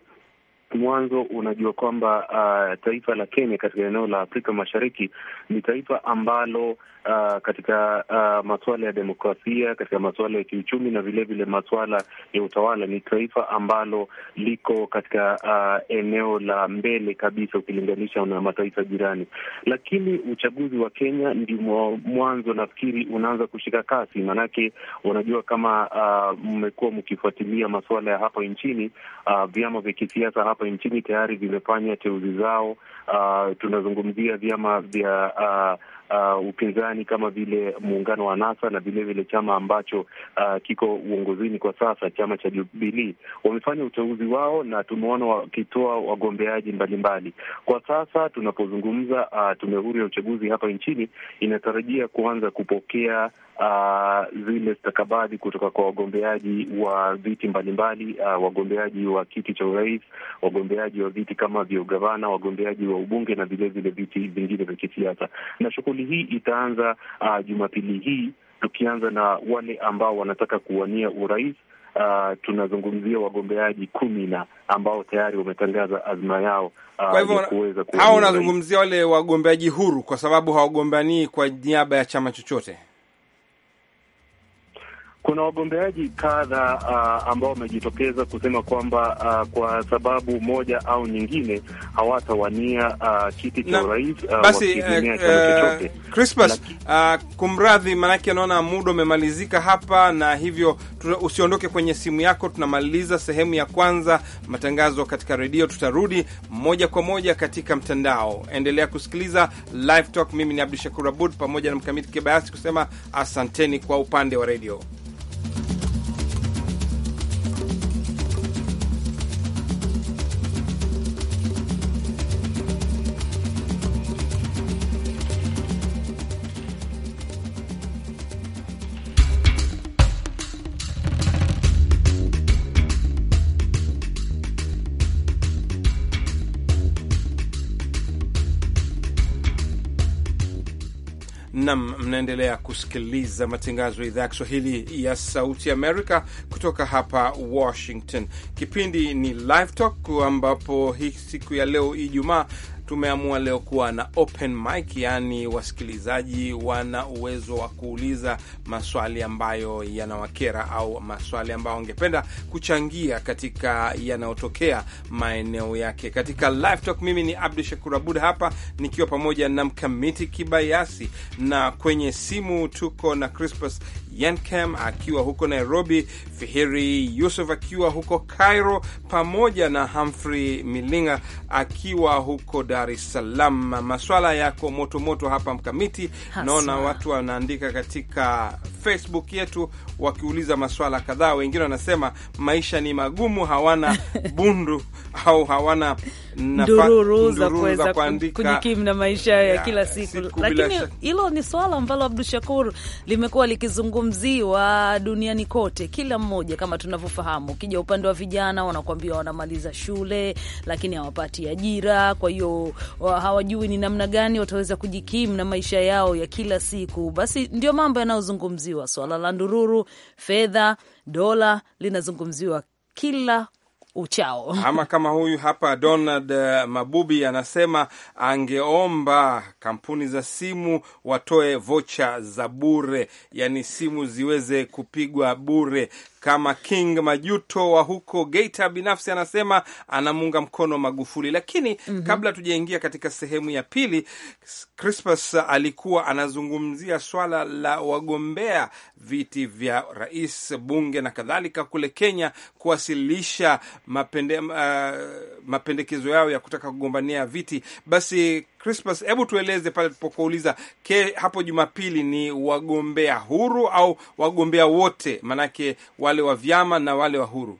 mwanzo unajua kwamba uh, taifa la Kenya katika eneo la Afrika Mashariki ni taifa ambalo uh, katika uh, masuala ya demokrasia, katika masuala ya kiuchumi na vilevile masuala ya utawala, ni taifa ambalo liko katika uh, eneo la mbele kabisa ukilinganisha na mataifa jirani. Lakini uchaguzi wa Kenya ndio mwanzo nafikiri unaanza kushika kasi, maanake unajua kama uh, mmekuwa mkifuatilia masuala ya hapa nchini uh, vyama vya kisiasa hapa hapa nchini tayari vimefanya teuzi zao. Uh, tunazungumzia vyama vya uh, uh, upinzani kama vile muungano wa NASA na vilevile chama ambacho uh, kiko uongozini kwa sasa, chama cha Jubilii, wamefanya uteuzi wao na tumeona wakitoa wagombeaji mbalimbali. Kwa sasa tunapozungumza, uh, tume huru ya uchaguzi hapa nchini inatarajia kuanza kupokea Uh, zile stakabadhi kutoka kwa wagombeaji wa viti mbalimbali uh, wagombeaji wa kiti cha urais, wagombeaji wa viti kama vya ugavana, wagombeaji wa ubunge na vilevile viti vingine vya kisiasa, na shughuli Shughuli hii itaanza uh, Jumapili hii tukianza na wale ambao wanataka kuwania urais. Uh, tunazungumzia wagombeaji kumi na ambao tayari wametangaza azma yao. Uh, kwa hivyo hao unazungumzia wale wagombeaji huru, kwa sababu hawagombanii kwa niaba ya chama chochote kuna wagombeaji kadha uh, ambao wamejitokeza kusema kwamba uh, kwa sababu moja au nyingine hawatawania uh, kiti cha urais uh, basi uh, uh, Crispas uh, kumradhi, maanake anaona muda umemalizika hapa, na hivyo usiondoke kwenye simu yako. Tunamaliza sehemu ya kwanza matangazo katika redio, tutarudi moja kwa moja katika mtandao. Endelea kusikiliza Live Talk. Mimi ni Abdu Shakur Abud pamoja na Mkamiti Kibayasi kusema asanteni kwa upande wa redio. Nam, mnaendelea kusikiliza matangazo ya idhaa ya Kiswahili ya Sauti Amerika kutoka hapa Washington. Kipindi ni Live Talk, ambapo hii siku ya leo Ijumaa tumeamua leo kuwa na open mic, yaani wasikilizaji wana uwezo wa kuuliza maswali ambayo yanawakera au maswali ambayo wangependa kuchangia katika yanayotokea maeneo yake katika live talk. Mimi ni Abdu Shakur Abud hapa nikiwa pamoja na Mkamiti Kibayasi, na kwenye simu tuko na Crispus Yankem akiwa huko Nairobi, Fihiri Yusuf akiwa huko Cairo, pamoja na Humphrey Milinga akiwa huko Dar es Salaam. Maswala yako motomoto hapa Mkamiti, naona watu wanaandika katika Facebook yetu wakiuliza maswala kadhaa. Wengine wanasema maisha ni magumu, hawana bundu au hawana ndururu za kuweza kujikimu na maisha ya, ya kila siku, siku lakini hilo ni swala ambalo Abdu Shakur limekuwa likizungumziwa duniani kote, kila mmoja kama tunavyofahamu. Ukija upande wa vijana, wanakuambia wanamaliza shule lakini hawapati ajira, kwa hiyo uh, hawajui ni namna gani wataweza kujikimu na maisha yao ya kila siku. Basi ndio mambo yanayozungumziwa, swala la ndururu, fedha, dola linazungumziwa kila uchao. Ama kama huyu hapa Donald eh, Mabubi anasema angeomba kampuni za simu watoe vocha za bure, yani simu ziweze kupigwa bure kama King Majuto wa huko Geita binafsi anasema anamuunga mkono Magufuli. Lakini mm -hmm. kabla tujaingia katika sehemu ya pili, Crispus alikuwa anazungumzia swala la wagombea viti vya rais, bunge na kadhalika kule Kenya kuwasilisha mapende, uh, mapendekezo yao ya kutaka kugombania viti. Basi Crispus, hebu tueleze pale tulipokuuliza, ke hapo Jumapili ni wagombea huru au wagombea wote, maanake wale wa vyama na wale wa huru?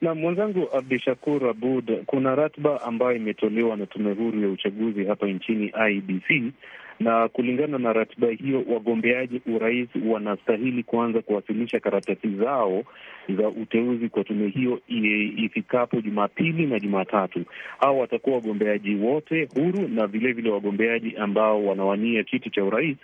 Na mwenzangu Abdu Shakur Abud, kuna ratiba ambayo imetolewa na tume huru ya uchaguzi hapa nchini IBC, na kulingana na ratiba hiyo wagombeaji urais wanastahili kuanza kuwasilisha karatasi zao za uteuzi kwa tume hiyo ifikapo Jumapili na Jumatatu. Hao watakuwa wagombeaji wote huru na vilevile wagombeaji ambao wanawania kiti cha urais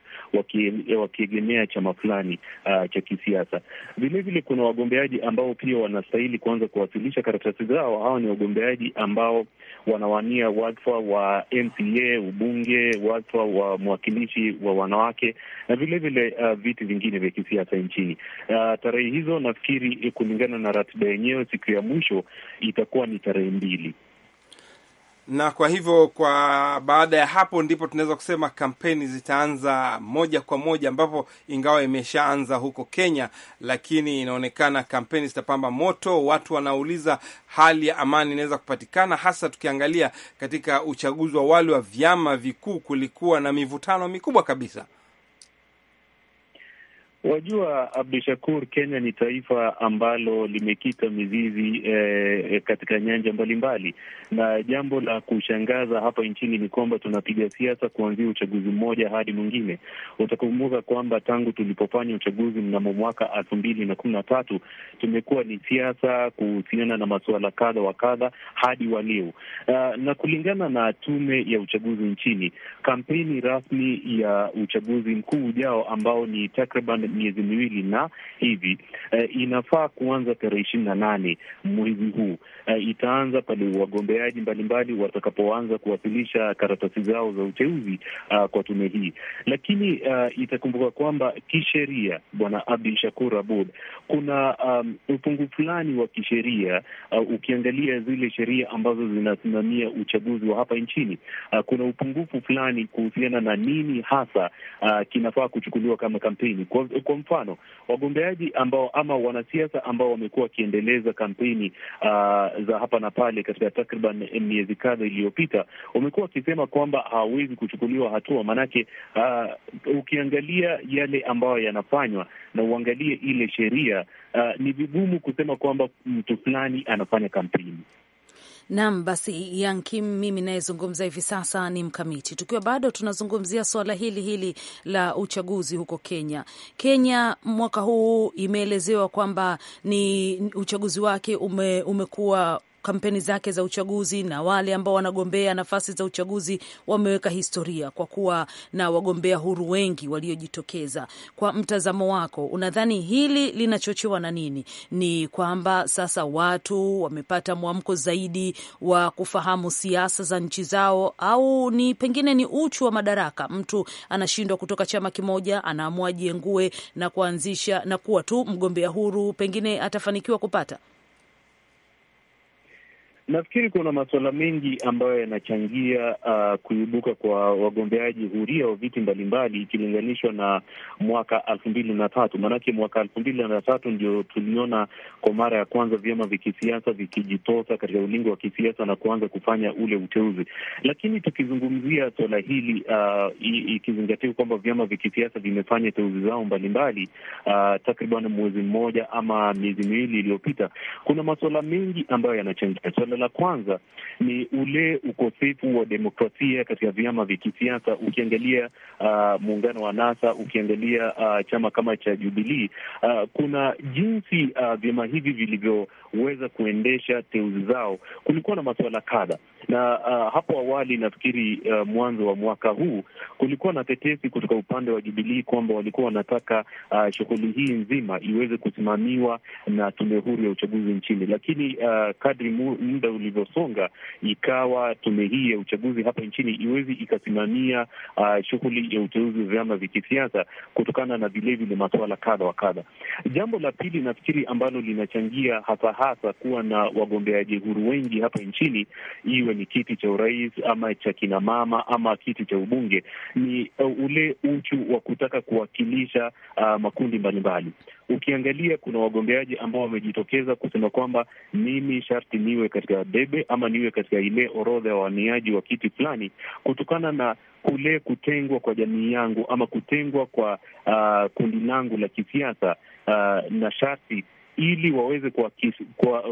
wakiegemea chama fulani uh, cha kisiasa. Vilevile kuna wagombeaji ambao pia wanastahili kuanza kuwasilisha karatasi zao. Hawa ni wagombeaji ambao wanawania wadhifa wa MCA, ubunge, wadhifa wa mwakilishi wa wanawake na vilevile vile, uh, viti vingine vya kisiasa nchini. Uh, tarehe hizo nafikiri kulingana na ratiba yenyewe, siku ya mwisho itakuwa ni tarehe mbili na kwa hivyo kwa baada ya hapo ndipo tunaweza kusema kampeni zitaanza moja kwa moja, ambapo ingawa imeshaanza huko Kenya, lakini inaonekana kampeni zitapamba moto. Watu wanauliza hali ya amani inaweza kupatikana, hasa tukiangalia katika uchaguzi wa wale wa vyama vikuu, kulikuwa na mivutano mikubwa kabisa. Wajua Abdu Shakur, Kenya ni taifa ambalo limekita mizizi eh, katika nyanja mbalimbali, na jambo la kushangaza hapa nchini ni kwamba tunapiga siasa kuanzia uchaguzi mmoja hadi mwingine. Utakumbuka kwamba tangu tulipofanya uchaguzi mnamo mwaka elfu mbili na kumi na tatu tumekuwa ni siasa kuhusiana na masuala kadha wa kadha hadi wa leo. Uh, na kulingana na tume ya uchaguzi nchini, kampeni rasmi ya uchaguzi mkuu ujao ambao ni takriban miezi miwili na hivi e, inafaa kuanza tarehe ishirini na nane mwezi huu e, itaanza pale wagombeaji mbalimbali watakapoanza kuwasilisha karatasi zao za uteuzi uh, kwa tume hii. Lakini uh, itakumbuka kwamba kisheria, Bwana Abdul Shakur Abud, kuna um, upungufu fulani wa kisheria uh, ukiangalia zile sheria ambazo zinasimamia uchaguzi wa hapa nchini uh, kuna upungufu fulani kuhusiana na nini hasa uh, kinafaa kuchukuliwa kama kampeni. Kwa, kwa mfano wagombeaji ambao ama wanasiasa ambao wamekuwa wakiendeleza kampeni uh, za hapa na pale katika takriban miezi kadha iliyopita, wamekuwa wakisema kwamba hawawezi kuchukuliwa hatua, maanake uh, ukiangalia yale ambayo yanafanywa na uangalie ile sheria uh, ni vigumu kusema kwamba mtu fulani anafanya kampeni Naam, basi Yankim, mimi nayezungumza hivi sasa ni Mkamiti, tukiwa bado tunazungumzia suala hili hili la uchaguzi huko Kenya. Kenya mwaka huu imeelezewa kwamba ni uchaguzi wake ume, umekuwa kampeni zake za uchaguzi na wale ambao wanagombea nafasi za uchaguzi wameweka historia kwa kuwa na wagombea huru wengi waliojitokeza. Kwa mtazamo wako, unadhani hili linachochewa na nini? Ni kwamba sasa watu wamepata mwamko zaidi wa kufahamu siasa za nchi zao, au ni pengine ni uchu wa madaraka? Mtu anashindwa kutoka chama kimoja, anaamua jiengue na kuanzisha na kuwa tu mgombea huru, pengine atafanikiwa kupata Nafikiri kuna masuala mengi ambayo yanachangia uh, kuibuka kwa wagombeaji huria wa viti mbalimbali ikilinganishwa na mwaka elfu mbili na tatu. Maanake mwaka elfu mbili na tatu ndio tuliona kwa mara ya kwanza vyama vya kisiasa vikijitosa katika ulingo wa kisiasa na kuanza kufanya ule uteuzi. Lakini tukizungumzia suala hili uh, ikizingatiwa kwamba vyama vya kisiasa vimefanya teuzi zao mbalimbali uh, takriban mwezi mmoja ama miezi miwili iliyopita, kuna masuala mengi ambayo yanachangia Suala la kwanza ni ule ukosefu wa demokrasia katika vyama vya kisiasa. Ukiangalia uh, muungano wa NASA, ukiangalia uh, chama kama cha Jubilii uh, kuna jinsi uh, vyama hivi vilivyoweza kuendesha teuzi zao, kulikuwa na masuala kadha na uh, hapo awali nafikiri uh, mwanzo wa mwaka huu kulikuwa na tetesi kutoka upande wa Jubilii kwamba walikuwa wanataka uh, shughuli hii nzima iweze kusimamiwa na tume huru ya uchaguzi nchini, lakini uh, kadri mu, muda ulivyosonga, ikawa tume hii ya uchaguzi hapa nchini iwezi ikasimamia uh, shughuli ya uteuzi wa vyama vya kisiasa kutokana na vilevile masuala kadha wa kadha. Jambo la pili nafikiri ambalo linachangia hasa hasa kuwa na wagombeaji huru wengi hapa nchini, iwe ni kiti cha urais ama cha kinamama ama kiti cha ubunge, ni uh, ule uchu wa kutaka kuwakilisha uh, makundi mbalimbali ukiangalia kuna wagombeaji ambao wamejitokeza kusema kwamba mimi sharti niwe katika debe ama niwe katika ile orodha ya waniaji wa kiti fulani, kutokana na kule kutengwa kwa jamii yangu ama kutengwa kwa uh, kundi langu la kisiasa uh, na sharti ili waweze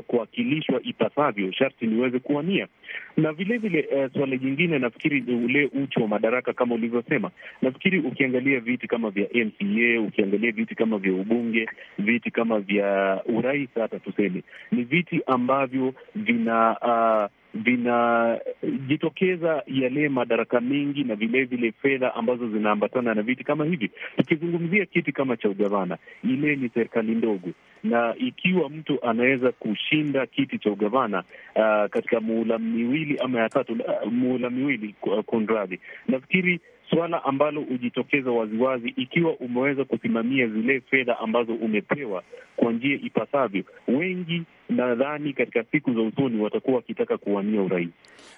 kuwakilishwa ipasavyo, sharti niweze kuwania. Na vilevile uh, eh, swala jingine nafikiri ule uchu wa madaraka kama ulivyosema. Nafikiri ukiangalia viti kama vya MCA, ukiangalia viti kama vya ubunge, viti kama vya urais, hata tuseme ni viti ambavyo vina uh, vinajitokeza yale madaraka mengi na vilevile fedha ambazo zinaambatana na viti kama hivi. Tukizungumzia kiti kama cha ugavana, ile ni serikali ndogo, na ikiwa mtu anaweza kushinda kiti cha ugavana uh, katika muhula miwili ama ya tatu, uh, muhula miwili uh, kunradhi, nafikiri swala ambalo hujitokeza waziwazi ikiwa umeweza kusimamia zile fedha ambazo umepewa kwa njia ipasavyo. Wengi nadhani katika siku za usoni watakuwa wakitaka kuwania urais.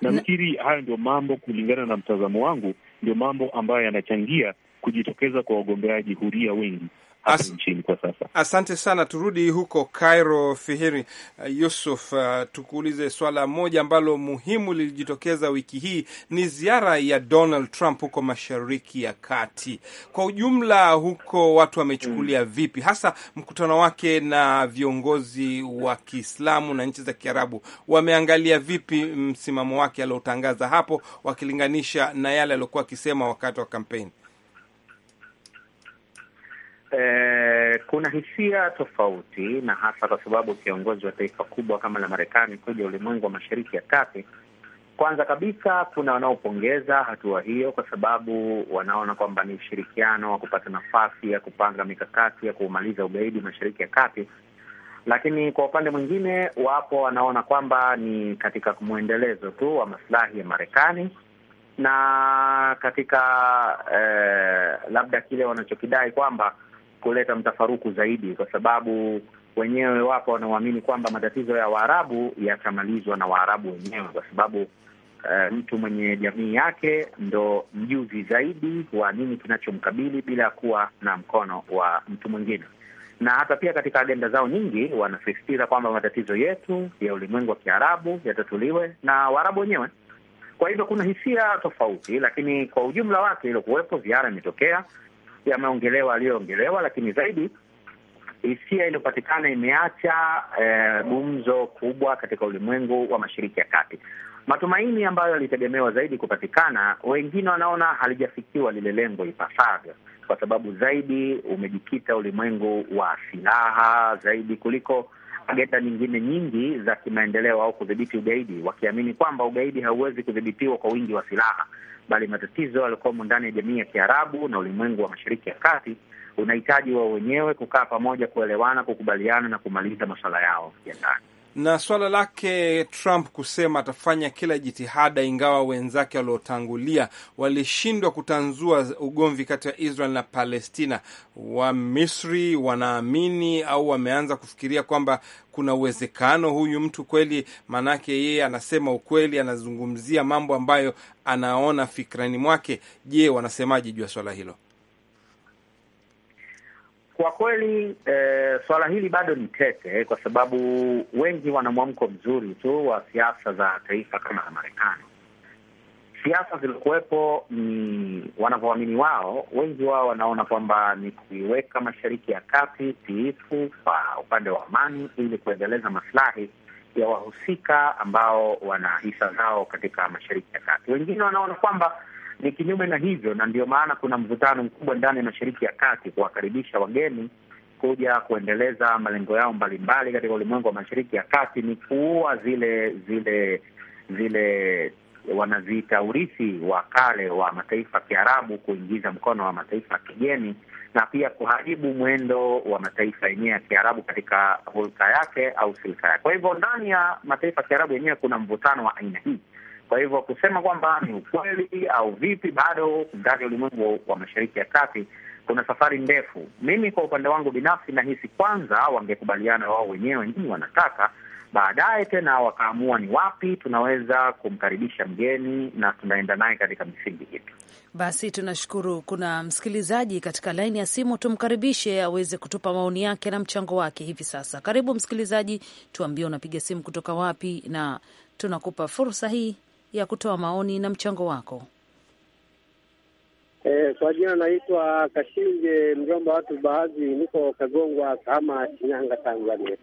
Nafikiri hayo ndio mambo, kulingana na mtazamo wangu, ndio mambo ambayo yanachangia kujitokeza kwa wagombeaji huria wengi. As nchini kwa sasa. Asante sana, turudi huko Cairo. Fihiri uh, Yusuf, uh, tukuulize swala moja ambalo muhimu lilijitokeza wiki hii ni ziara ya Donald Trump huko Mashariki ya Kati. Kwa ujumla, huko watu wamechukulia mm, vipi hasa mkutano wake na viongozi wa Kiislamu na nchi za Kiarabu? Wameangalia vipi msimamo wake aliotangaza hapo, wakilinganisha na yale aliokuwa akisema wakati wa kampeni? eh, kuna hisia tofauti, na hasa kwa sababu kiongozi wa taifa kubwa kama la Marekani kuja ulimwengu wa mashariki ya kati. Kwanza kabisa, kuna wanaopongeza hatua hiyo kwa sababu wanaona kwamba ni ushirikiano wa kupata nafasi ya kupanga mikakati ya kuumaliza ugaidi mashariki ya kati lakini kwa upande mwingine wapo wanaona kwamba ni katika mwendelezo tu wa masilahi ya Marekani na katika eh, labda kile wanachokidai kwamba kuleta mtafaruku zaidi, kwa sababu wenyewe wapo wanaoamini kwamba matatizo ya Waarabu yatamalizwa na Waarabu wenyewe, kwa sababu uh, mtu mwenye jamii yake ndo mjuzi zaidi wa nini kinachomkabili bila ya kuwa na mkono wa mtu mwingine. Na hata pia katika agenda zao nyingi wanasisitiza kwamba matatizo yetu ya ulimwengu wa Kiarabu yatatuliwe na Waarabu wenyewe. Kwa hivyo kuna hisia tofauti, lakini kwa ujumla wake iliokuwepo, ziara imetokea yameongelewa aliyoongelewa, lakini zaidi hisia iliyopatikana imeacha e, gumzo kubwa katika ulimwengu wa Mashariki ya Kati. Matumaini ambayo yalitegemewa zaidi kupatikana, wengine wanaona halijafikiwa lile lengo ipasavyo, kwa sababu zaidi umejikita ulimwengu wa silaha zaidi kuliko agenda nyingine nyingi za kimaendeleo au kudhibiti ugaidi, wakiamini kwamba ugaidi hauwezi kudhibitiwa kwa wingi wa silaha bali matatizo yaliyokuwamo ndani ya jamii ya Kiarabu na ulimwengu wa Mashariki ya Kati unahitaji wao wenyewe kukaa pamoja, kuelewana, kukubaliana na kumaliza masuala yao ya ndani na swala lake Trump kusema atafanya kila jitihada, ingawa wenzake waliotangulia walishindwa kutanzua ugomvi kati ya Israel na Palestina. Wamisri wanaamini au wameanza kufikiria kwamba kuna uwezekano huyu mtu kweli, maanake yeye anasema ukweli, anazungumzia mambo ambayo anaona fikrani mwake. Je, wanasemaje juu ya swala hilo? Kwa kweli e, eh, suala hili bado ni tete, eh, kwa sababu wengi wana mwamko mzuri tu wa siasa za taifa kama la Marekani. Siasa zilikuwepo ni wanavyoamini wao, wengi wao wanaona kwamba ni kuiweka Mashariki ya Kati tiifu kwa upande wa amani, ili kuendeleza masilahi ya wahusika ambao wana hisa zao katika Mashariki ya Kati. Wengine wanaona kwamba ni kinyume na hivyo, na ndio maana kuna mvutano mkubwa ndani ya Mashariki ya Kati kuwakaribisha wageni kuja kuendeleza malengo yao mbalimbali katika ulimwengu wa Mashariki ya Kati, ni kuua zile zile zile wanaziita urithi wa kale wa mataifa ya Kiarabu, kuingiza mkono wa mataifa ya kigeni na pia kuharibu mwendo wa mataifa yenyewe ya Kiarabu katika hulka yake au silka yake. Kwa hivyo ndani ya mataifa ya Kiarabu yenyewe kuna mvutano wa aina hii kwa hivyo kusema kwamba ni ukweli au vipi, bado ndani ya ulimwengu wa Mashariki ya Kati kuna safari ndefu. Mimi kwa upande wangu binafsi nahisi kwanza wangekubaliana wao wenyewe nini wanataka, baadaye tena wakaamua ni wapi tunaweza kumkaribisha mgeni na tunaenda naye katika misingi hitu Basi tunashukuru. Kuna msikilizaji katika laini ya simu, tumkaribishe aweze kutupa maoni yake na mchango wake hivi sasa. Karibu msikilizaji, tuambie unapiga simu kutoka wapi, na tunakupa fursa hii ya kutoa maoni na mchango wako. E, kwa jina naitwa Kashinje mjomba watu baadhi, niko Kagongwa, kama Shinyanga, Tanzania.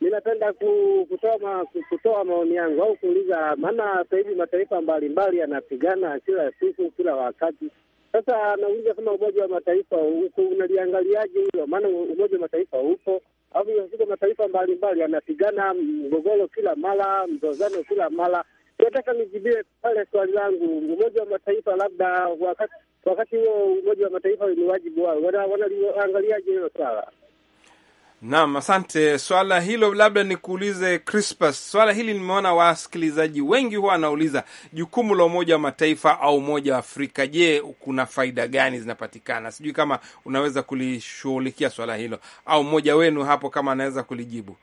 Ninapenda kutoa kutoa maoni yangu au kuuliza, maana sasa hivi mataifa mbalimbali yanapigana kila siku, kila wakati. Sasa nauliza kama Umoja wa Mataifa uko unaliangaliaje hilo? Maana Umoja wa Mataifa upo au mataifa mbalimbali yanapigana, mgogoro kila mara, mzozano kila mara Nataka nijibie pale swali langu. Umoja wa Mataifa, labda wakati wakati huo Umoja wa Mataifa ni wajibu wao, wanaliangaliaje hilo swala? Naam, asante. Swala hilo labda nikuulize Crispas, swala hili nimeona wasikilizaji wengi huwa wanauliza jukumu la Umoja wa Mataifa au Umoja wa Afrika. Je, kuna faida gani zinapatikana? Sijui kama unaweza kulishughulikia swala hilo au mmoja wenu hapo kama anaweza kulijibu.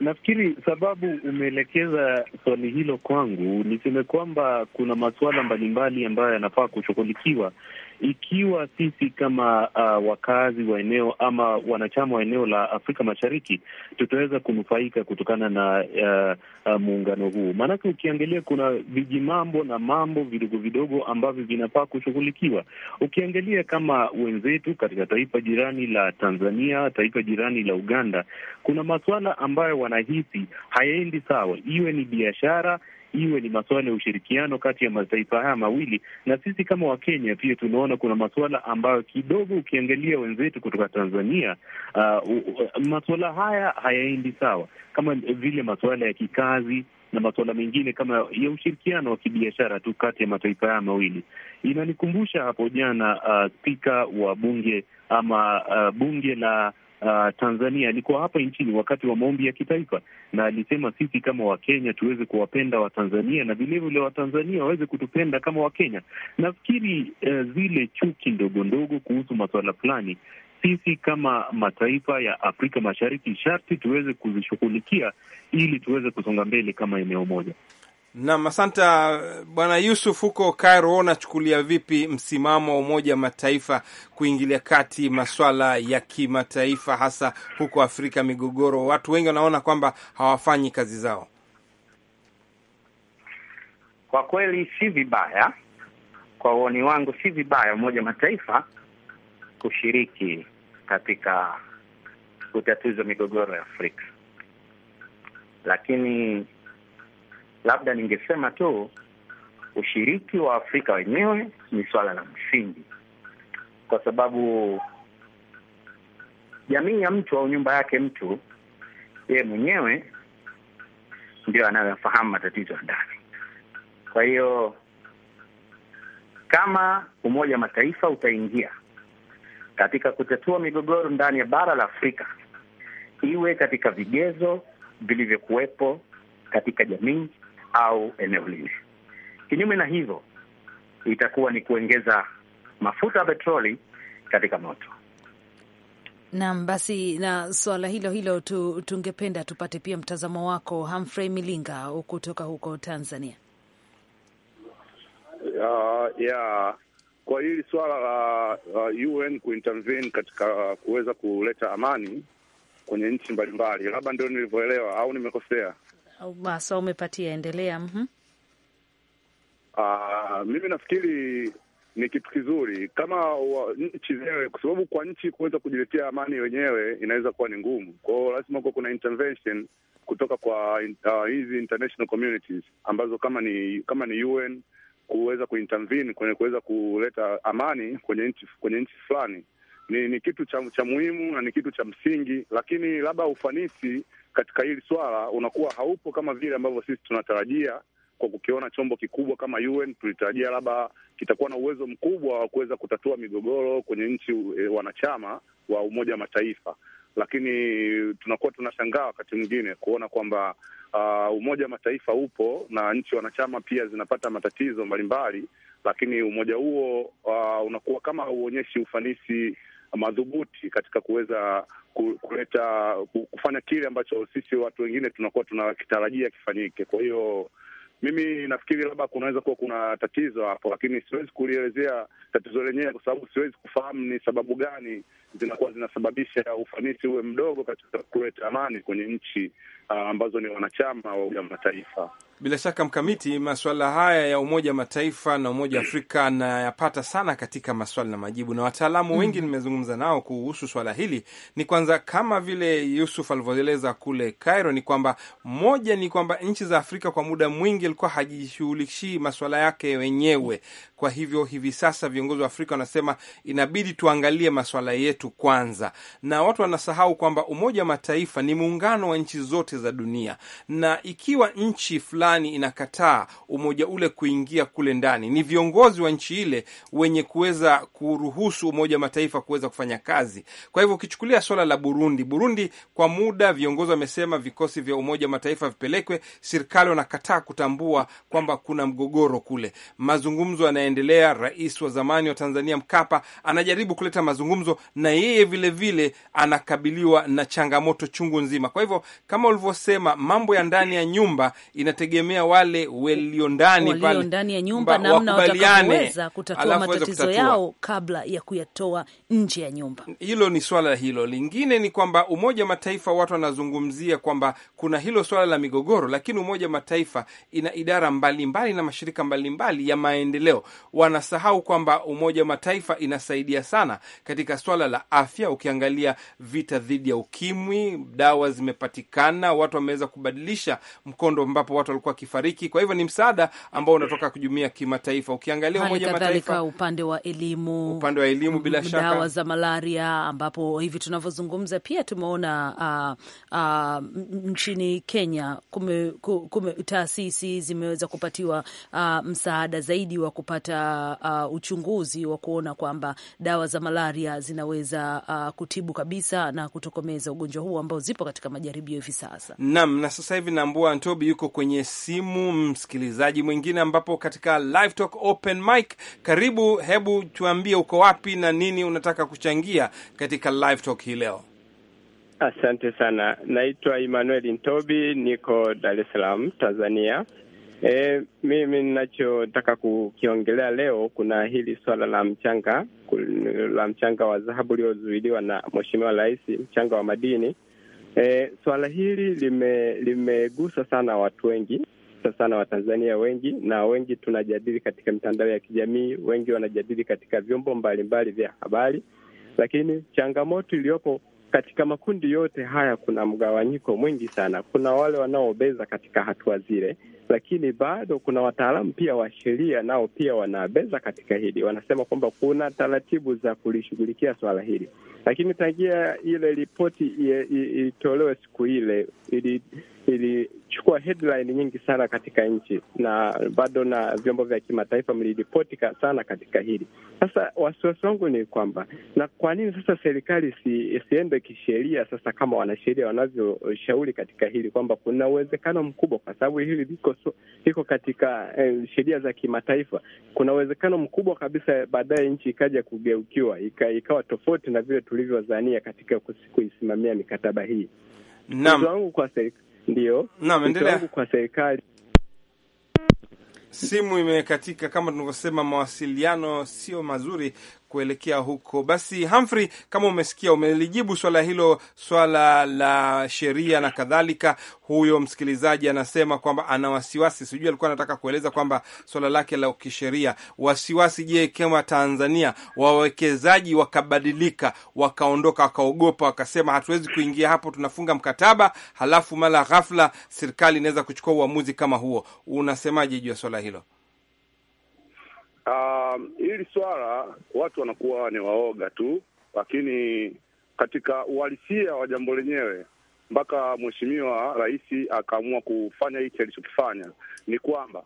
Nafikiri sababu umeelekeza swali hilo kwangu, niseme kwamba kuna masuala mbalimbali ambayo yanafaa kushughulikiwa ikiwa sisi kama uh, wakazi wa eneo ama wanachama wa eneo la Afrika Mashariki tutaweza kunufaika kutokana na uh, uh, muungano huu. Maanake ukiangalia kuna vijimambo na mambo vidogo vidogo ambavyo vinafaa kushughulikiwa. Ukiangalia kama wenzetu katika taifa jirani la Tanzania, taifa jirani la Uganda, kuna masuala ambayo wanahisi hayaendi sawa, iwe ni biashara iwe ni masuala ya ushirikiano kati ya mataifa haya mawili. Na sisi kama Wakenya pia tunaona kuna masuala ambayo kidogo, ukiangalia wenzetu kutoka Tanzania, uh, uh, masuala haya hayaendi sawa, kama vile masuala ya kikazi na masuala mengine kama ya ushirikiano wa kibiashara tu kati ya mataifa haya mawili. Inanikumbusha hapo jana, uh, spika wa bunge ama uh, bunge la uh, Tanzania. Alikuwa hapa nchini wakati wa maombi ya kitaifa, na alisema sisi kama Wakenya tuweze kuwapenda Watanzania na vilevile Watanzania waweze kutupenda kama Wakenya. Nafikiri uh, zile chuki ndogo ndogo kuhusu masuala fulani sisi kama mataifa ya Afrika Mashariki sharti tuweze kuzishughulikia ili tuweze kusonga mbele kama eneo moja. Nam, asante uh, Bwana Yusuf huko Cairo. Unachukulia vipi msimamo wa Umoja wa Mataifa kuingilia kati maswala ya kimataifa, hasa huko Afrika, migogoro? Watu wengi wanaona kwamba hawafanyi kazi zao. Kwa kweli, si vibaya, kwa uoni wangu, si vibaya Umoja wa Mataifa kushiriki katika utatuzi wa migogoro ya Afrika, lakini Labda ningesema tu ushiriki wa Afrika wenyewe ni swala la msingi, kwa sababu jamii ya mtu au nyumba yake mtu, yeye mwenyewe ndio anayofahamu matatizo ya ndani. Kwa hiyo kama Umoja wa Mataifa utaingia katika kutatua migogoro ndani ya bara la Afrika, iwe katika vigezo vilivyokuwepo katika jamii au eneo lile. Kinyume na hivyo, itakuwa ni kuongeza mafuta ya petroli katika moto. Naam, basi na suala hilo hilo tu, tungependa tupate pia mtazamo wako Humphrey Milinga kutoka huko Tanzania. Uh, yeah. Kwa hili suala la uh, UN kuintervene katika uh, kuweza kuleta amani kwenye nchi mbalimbali, labda ndio nilivyoelewa au nimekosea? Basa umepatia, endelea. mm -hmm. Uh, mimi nafikiri ni kitu kizuri kama nchi zenyewe, kwa sababu kwa nchi kuweza kujiletea amani wenyewe inaweza kuwa ni ngumu. Kwa hiyo lazima kuwa kuna intervention kutoka kwa ah, hizi uh, international communities ambazo kama ni kama ni UN kuweza kuintervene kwenye kuweza kuleta amani kwenye nchi kwenye nchi fulani ni, ni kitu cha, cha muhimu na ni kitu cha msingi, lakini labda ufanisi katika hili swala unakuwa haupo kama vile ambavyo sisi tunatarajia kwa kukiona chombo kikubwa kama UN tulitarajia labda kitakuwa na uwezo mkubwa wa kuweza kutatua migogoro kwenye nchi e, wanachama wa Umoja wa Mataifa, lakini tunakuwa tunashangaa wakati mwingine kuona kwamba uh, Umoja wa Mataifa upo na nchi wanachama pia zinapata matatizo mbalimbali, lakini umoja huo uh, unakuwa kama hauonyeshi ufanisi madhubuti katika kuweza kuleta kufanya kile ambacho sisi watu wengine tunakuwa tunakitarajia kifanyike. Kwa hiyo mimi nafikiri labda kunaweza kuwa kuna tatizo hapo, lakini siwezi kulielezea tatizo lenyewe kwa sababu siwezi kufahamu ni sababu gani zinakuwa zinasababisha ufanisi uwe mdogo katika kuleta amani kwenye nchi Uh, ambazo ni wanachama wa Umoja wa Mataifa. Bila shaka mkamiti, masuala haya ya Umoja Mataifa na Umoja wa Afrika nayapata sana katika maswali na majibu, na wataalamu wengi mm-hmm. nimezungumza nao kuhusu swala hili. Ni kwanza kama vile Yusuf alivyoeleza kule Cairo, ni kwamba moja ni kwamba nchi za Afrika kwa muda mwingi ilikuwa hajishughulishi maswala yake wenyewe. Kwa hivyo hivi sasa viongozi wa Afrika wanasema inabidi tuangalie maswala yetu kwanza, na watu wanasahau kwamba Umoja wa Mataifa ni muungano wa nchi zote za dunia, na ikiwa nchi fulani inakataa umoja ule kuingia kule ndani, ni viongozi wa nchi ile wenye kuweza kuruhusu Umoja wa Mataifa kuweza kufanya kazi. Kwa hivyo ukichukulia swala la Burundi, Burundi kwa muda viongozi wamesema vikosi vya Umoja wa Mataifa vipelekwe, serikali wanakataa kutambua kwamba kuna mgogoro kule, mazungumzo yana inaendelea. Rais wa zamani wa Tanzania Mkapa anajaribu kuleta mazungumzo, na yeye vilevile anakabiliwa na changamoto chungu nzima. Kwa hivyo kama ulivyosema, mambo ya ndani ya nyumba inategemea wale walio ndani pale ndani ya nyumba, namna watakavyoweza kutatua matatizo yao kabla ya kuyatoa nje ya nyumba. Hilo ni swala hilo. Lingine ni kwamba Umoja wa Mataifa watu wanazungumzia kwamba kuna hilo swala la migogoro, lakini Umoja wa Mataifa ina idara mbalimbali mbali na mashirika mbalimbali mbali ya maendeleo wanasahau kwamba Umoja wa Mataifa inasaidia sana katika swala la afya. Ukiangalia vita dhidi ya ukimwi, dawa zimepatikana, watu wameweza kubadilisha mkondo ambapo watu walikuwa wakifariki. Kwa hivyo ni msaada ambao unatoka kujumia kimataifa. Ukiangalia Umoja wa Mataifa upande wa elimu, upande wa elimu bila shaka dawa za malaria, ambapo hivi tunavyozungumza pia tumeona uh, uh, nchini Kenya kume, kume, taasisi zimeweza kupatiwa uh, msaada zaidi wa kupata kupata uh, uchunguzi wa kuona kwamba dawa za malaria zinaweza uh, kutibu kabisa na kutokomeza ugonjwa huu ambao zipo katika majaribio hivi sasa. Naam, na sasa hivi naambua Ntobi yuko kwenye simu, msikilizaji mwingine, ambapo katika Live Talk Open Mic. Karibu, hebu tuambie uko wapi na nini unataka kuchangia katika Live Talk hii leo? Asante sana, naitwa Emmanuel Ntobi, niko Dar es Salaam, Tanzania. E, mimi ninachotaka kukiongelea leo kuna hili swala la mchanga la mchanga wa dhahabu uliozuiliwa na Mheshimiwa Rais, mchanga wa madini. E, swala hili lime, limegusa sana watu wengi sana Watanzania wengi na wengi tunajadili katika mitandao ya kijamii, wengi wanajadili katika vyombo mbalimbali vya habari, lakini changamoto iliyopo katika makundi yote haya, kuna mgawanyiko mwingi sana. Kuna wale wanaobeza katika hatua zile, lakini bado kuna wataalamu pia wa sheria nao pia wanabeza katika hili, wanasema kwamba kuna taratibu za kulishughulikia swala hili, lakini tangia ile ripoti itolewe siku ile ili ilichukua headline nyingi sana katika nchi na bado na vyombo vya kimataifa mliripoti sana katika hili. Sasa wasiwasi wangu ni kwamba na kwa nini sasa serikali isiende kisheria sasa, kama wanasheria wanavyoshauri katika hili, kwamba kuna uwezekano mkubwa, kwa sababu hili liko so, iko katika eh, sheria za kimataifa, kuna uwezekano mkubwa kabisa baadaye nchi ikaja kugeukiwa ika, ikawa tofauti na vile tulivyozania katika kuisimamia mikataba hii. Naam, wangu kwa serikali ndio, naam, endelea wangu kwa serikali Simu imekatika kama tunavyosema, mawasiliano sio mazuri kuelekea huko. Basi Humphrey, kama umesikia, umelijibu swala hilo, swala la sheria na kadhalika. Huyo msikilizaji anasema kwamba ana wasiwasi, sijui alikuwa anataka kueleza kwamba swala lake la kisheria wasiwasi. Je, kama Tanzania wawekezaji wakabadilika, wakaondoka, wakaogopa, wakasema hatuwezi kuingia hapo, tunafunga mkataba, halafu mala ghafla serikali inaweza kuchukua uamuzi kama huo, unasemaje juu ya swala hilo? Um, hili swala watu wanakuwa ni waoga tu, lakini katika uhalisia wa jambo lenyewe mpaka mheshimiwa rais akaamua kufanya hichi alichokifanya, ni kwamba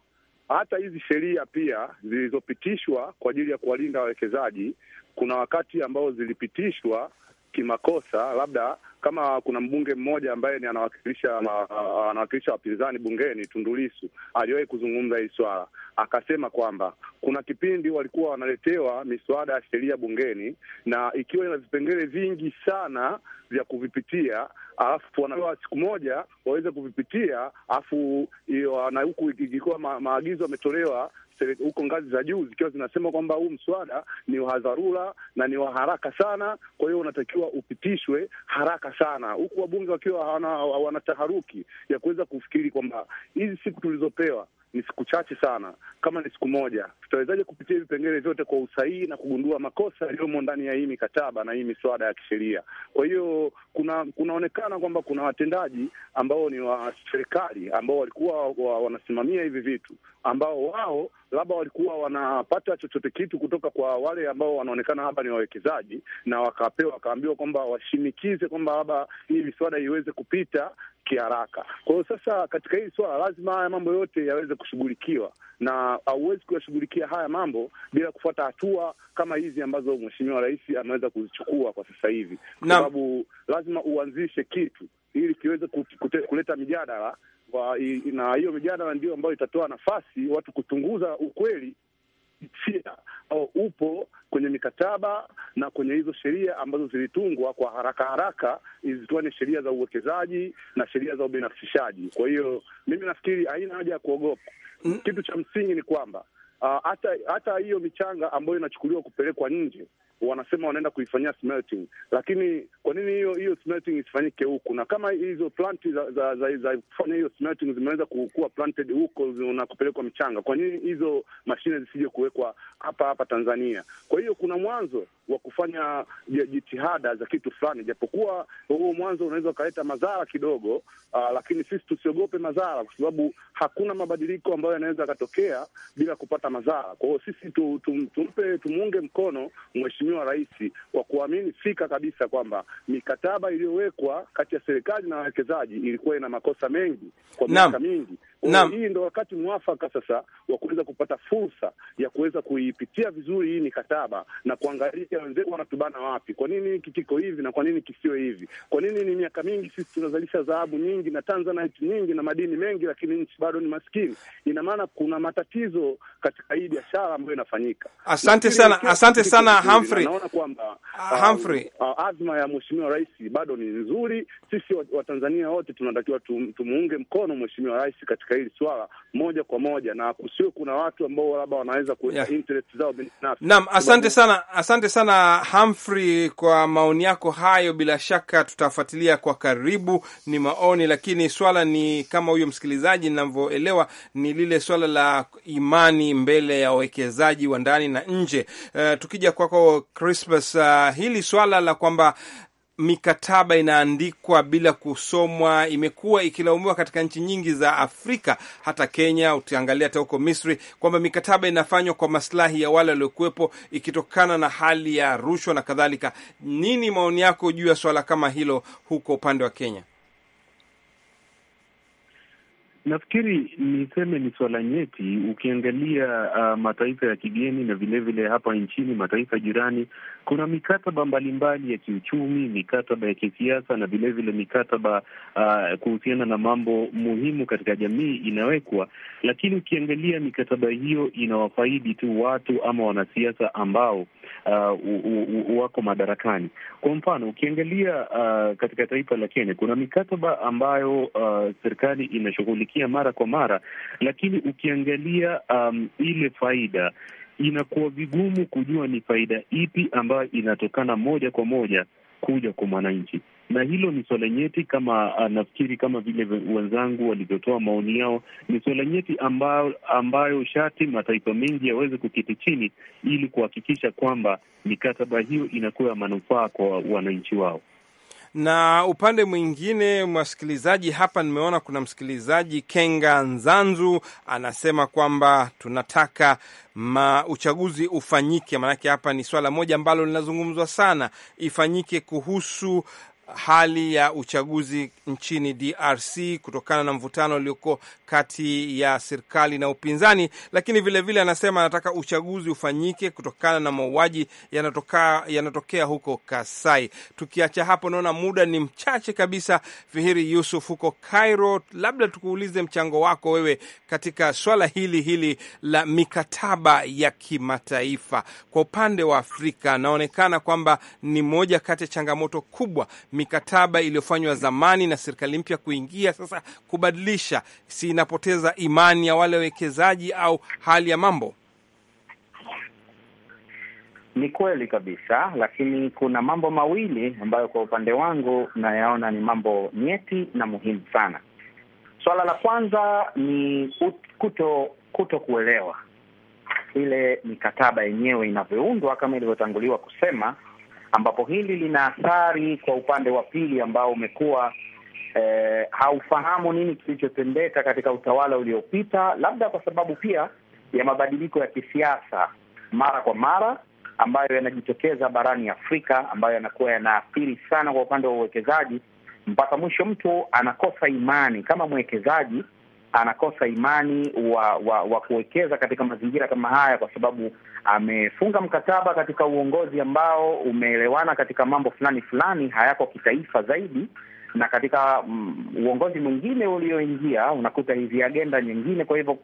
hata hizi sheria pia zilizopitishwa kwa ajili ya kuwalinda wawekezaji, kuna wakati ambao zilipitishwa kimakosa, labda kama kuna mbunge mmoja ambaye ni anawakilisha anawakilisha wapinzani bungeni, tundulisu aliwahi kuzungumza hili swala, akasema kwamba kuna kipindi walikuwa wanaletewa miswada ya sheria bungeni na ikiwa ina vipengele vingi sana vya kuvipitia, alafu wanapewa siku moja waweze kuvipitia, alafu nahuku na huku ikiwa ma, maagizo yametolewa huko ngazi za juu zikiwa zinasema kwamba huu mswada ni wa dharura na ni wa haraka sana, kwa hiyo unatakiwa upitishwe haraka sana, huku wabunge wakiwa wana taharuki ya kuweza kufikiri kwamba hizi siku tulizopewa ni siku chache sana, kama ni siku moja. Tutawezaje kupitia vipengele vyote kwa usahihi na kugundua makosa yaliyomo ndani ya hii mikataba na hii miswada ya kisheria? Kwa hiyo kuna kunaonekana kwamba kuna watendaji ambao ni wa serikali ambao walikuwa wa, wanasimamia hivi vitu ambao wao labda walikuwa wanapata chochote kitu kutoka kwa wale ambao wanaonekana hapa ni wawekezaji, na wakapewa wakaambiwa kwamba washinikize kwamba labda hii miswada iweze kupita kiharaka. Kwa hiyo sasa, katika hili swala lazima haya mambo yote yaweze kushughulikiwa, na hauwezi kuyashughulikia haya mambo bila kufuata hatua kama hizi ambazo mheshimiwa rais ameweza kuzichukua kwa sasa hivi, kwa sababu lazima uanzishe kitu ili kiweze kuleta mijadala, na hiyo mijadala ndio ambayo itatoa nafasi watu kuchunguza ukweli unapitia au upo kwenye mikataba na kwenye hizo sheria ambazo zilitungwa kwa haraka haraka, zikiwa ni sheria za uwekezaji na sheria za ubinafsishaji. Kwa hiyo mimi nafikiri haina haja ya kuogopa. Mm. Kitu cha msingi ni kwamba ah, hata uh, hata hiyo michanga ambayo inachukuliwa kupelekwa nje wanasema wanaenda kuifanyia smelting, lakini kwa nini hiyo hiyo smelting isifanyike huku? Na kama hizo plant za za, za, za kufanya hiyo smelting zimeweza kuwa planted huko na kupelekwa mchanga, kwa nini hizo mashine zisije kuwekwa hapa hapa Tanzania? Kwa hiyo kuna mwanzo wa kufanya jitihada za kitu fulani, japokuwa huo mwanzo unaweza ukaleta madhara kidogo, uh, lakini sisi tusiogope madhara, kwa sababu hakuna mabadiliko ambayo yanaweza yakatokea bila kupata madhara. Kwa hiyo sisi tu, tu, tumpe tumuunge mkono mheshimiwa Mheshimiwa Rais kwa kuamini fika kabisa kwamba mikataba iliyowekwa kati ya serikali na wawekezaji ilikuwa ina makosa mengi kwa miaka mingi. Hii ndo wakati mwafaka sasa wa kuweza kupata fursa ya kuweza kuipitia vizuri hii mikataba na kuangalia wenzetu wanatubana wapi, kwa nini hiki kiko hivi na kwa nini kisiwe hivi, kwa nini ni miaka mingi sisi tunazalisha dhahabu nyingi na tanzanite nyingi na madini mengi, lakini nchi bado ni maskini. Ina maana kuna matatizo katika hii biashara ambayo inafanyika. Asante sana, asante sana Humphrey. Humphrey, naona kwamba ah, um, Humphrey, uh, uh, azma ya mheshimiwa rais bado ni nzuri. Sisi Watanzania wote tunatakiwa tumuunge mkono mheshimiwa rais katika hili swala moja kwa moja, na kusiwe kuna watu ambao labda wanaweza kuweka yeah, interest zao binafsi. Naam, asante sana, asante sana Humphrey kwa maoni yako hayo. Bila shaka tutafuatilia kwa karibu, ni maoni lakini swala ni kama huyo msikilizaji ninavyoelewa, ni lile swala la imani mbele ya wawekezaji wa ndani na nje. Uh, tukija kwako Crispas, uh, ah, hili swala la kwamba mikataba inaandikwa bila kusomwa imekuwa ikilaumiwa katika nchi nyingi za Afrika, hata Kenya. Ukiangalia hata huko Misri, kwamba mikataba inafanywa kwa maslahi ya wale waliokuwepo, ikitokana na hali ya rushwa na kadhalika. Nini maoni yako juu ya swala kama hilo huko upande wa Kenya? Nafikiri niseme ni swala nyeti. Ukiangalia uh, mataifa ya kigeni na vilevile vile hapa nchini mataifa jirani, kuna mikataba mbalimbali ya kiuchumi, mikataba ya kisiasa na vilevile vile mikataba uh, kuhusiana na mambo muhimu katika jamii inawekwa, lakini ukiangalia mikataba hiyo inawafaidi tu watu ama wanasiasa ambao uh, u, u, wako madarakani. Kwa mfano ukiangalia uh, katika taifa la Kenya kuna mikataba ambayo uh, serikali inashughulikia kusikia mara kwa mara, lakini ukiangalia um, ile faida inakuwa vigumu kujua ni faida ipi ambayo inatokana moja kwa moja kuja kwa mwananchi, na hilo ni swala nyeti, kama uh, nafikiri kama vile wenzangu walivyotoa maoni yao, ni swala nyeti ambayo, ambayo shati mataifa mengi yaweze kuketi chini ili kuhakikisha kwamba mikataba hiyo inakuwa ya manufaa kwa wananchi wao. Na upande mwingine, mwasikilizaji, hapa nimeona kuna msikilizaji Kenga Nzanzu anasema kwamba tunataka ma uchaguzi ufanyike, maanake hapa ni swala moja ambalo linazungumzwa sana, ifanyike kuhusu hali ya uchaguzi nchini DRC kutokana na mvutano ulioko kati ya serikali na upinzani, lakini vilevile vile anasema anataka uchaguzi ufanyike kutokana na mauaji yanatokea huko Kasai. Tukiacha hapo, naona muda ni mchache kabisa. Fihiri Yusuf huko Cairo, labda tukuulize mchango wako wewe katika swala hili hili la mikataba ya kimataifa. Kwa upande wa Afrika, naonekana kwamba ni moja kati ya changamoto kubwa mikataba iliyofanywa zamani na serikali mpya kuingia sasa kubadilisha, si inapoteza imani ya wale wawekezaji au hali ya mambo? Ni kweli kabisa, lakini kuna mambo mawili ambayo kwa upande wangu nayaona ni mambo nyeti na muhimu sana. Swala la kwanza ni kuto kuto kuelewa ile mikataba yenyewe inavyoundwa, kama ilivyotanguliwa kusema ambapo hili lina athari kwa upande wa pili ambao umekuwa eh, haufahamu nini kilichotendeka katika utawala uliopita, labda kwa sababu pia ya mabadiliko ya kisiasa mara kwa mara ambayo yanajitokeza barani Afrika, ambayo yanakuwa yanaathiri sana kwa upande wa uwekezaji, mpaka mwisho mtu anakosa imani kama mwekezaji anakosa imani wa, wa, wa kuwekeza katika mazingira kama haya, kwa sababu amefunga mkataba katika uongozi ambao umeelewana katika mambo fulani fulani hayako kitaifa zaidi na katika mm, uongozi mwingine ulioingia unakuta hizi agenda nyingine. Kwa hivyo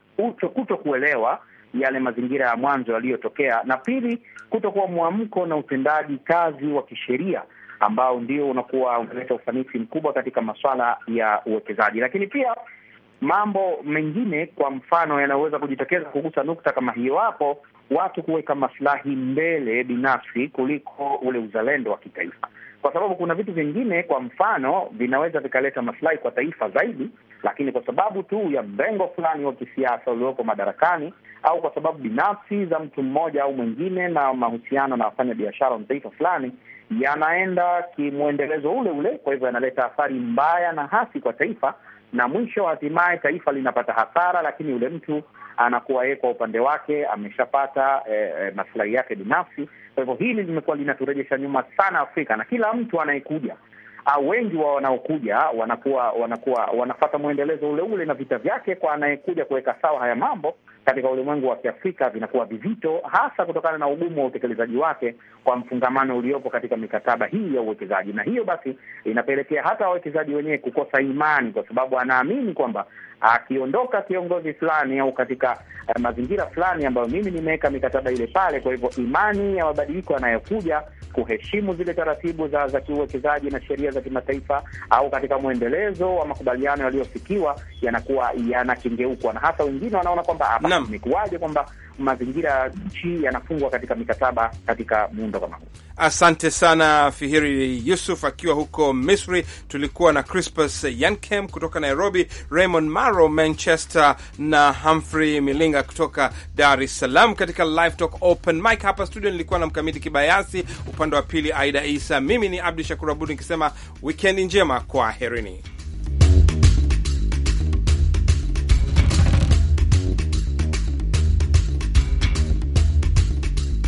kuto kuelewa yale mazingira ya mwanzo yaliyotokea, na pili, kutokuwa mwamko na utendaji kazi wa kisheria ambao ndio unakuwa unaleta ufanisi mkubwa katika masuala ya uwekezaji, lakini pia mambo mengine kwa mfano yanayoweza kujitokeza kugusa nukta kama hiyo hapo, watu kuweka maslahi mbele binafsi kuliko ule uzalendo wa kitaifa, kwa sababu kuna vitu vingine, kwa mfano, vinaweza vikaleta maslahi kwa taifa zaidi, lakini kwa sababu tu ya mrengo fulani wa kisiasa uliopo madarakani au kwa sababu binafsi za mtu mmoja au mwingine, na mahusiano na wafanya biashara wa taifa fulani yanaenda kimwendelezo ule ule, kwa hivyo yanaleta athari mbaya na hasi kwa taifa na mwisho hatimaye taifa linapata hasara, lakini yule mtu anakuwa yeye kwa upande wake ameshapata eh, eh, maslahi yake binafsi. Kwa hivyo hili limekuwa linaturejesha nyuma sana Afrika, na kila mtu anayekuja au wengi wa wanaokuja wanakuwa wanakuwa wanafata mwendelezo ule ule, na vita vyake kwa anayekuja kuweka sawa haya mambo katika ulimwengu wa Kiafrika vinakuwa vizito, hasa kutokana na ugumu wa utekelezaji wake kwa mfungamano uliopo katika mikataba hii ya uwekezaji, na hiyo basi inapelekea hata wawekezaji wenyewe kukosa imani, kwa sababu anaamini kwamba akiondoka kiongozi fulani au katika uh, mazingira fulani ambayo mimi nimeweka mikataba ile pale, kwa hivyo imani ya mabadiliko yanayokuja kuheshimu zile taratibu za za kiuwekezaji na sheria za kimataifa au katika mwendelezo wa makubaliano yaliyofikiwa yanakuwa yanakengeukwa, na hata wengine wanaona kwamba hapa imekuwaje kwamba mazingira nchi yanafungwa katika mikataba katika kujilinda kama huu. Asante sana Fihiri Yusuf akiwa huko Misri. Tulikuwa na Crispus Yankem kutoka Nairobi, Raymond Maro Manchester na Humphrey Milinga kutoka Dar es Salaam katika Live Talk Open Mic. Hapa studio nilikuwa na Mkamiti Kibayasi, upande wa pili Aida Isa, mimi ni Abdu Shakur Abud nikisema wikendi njema, kwa herini.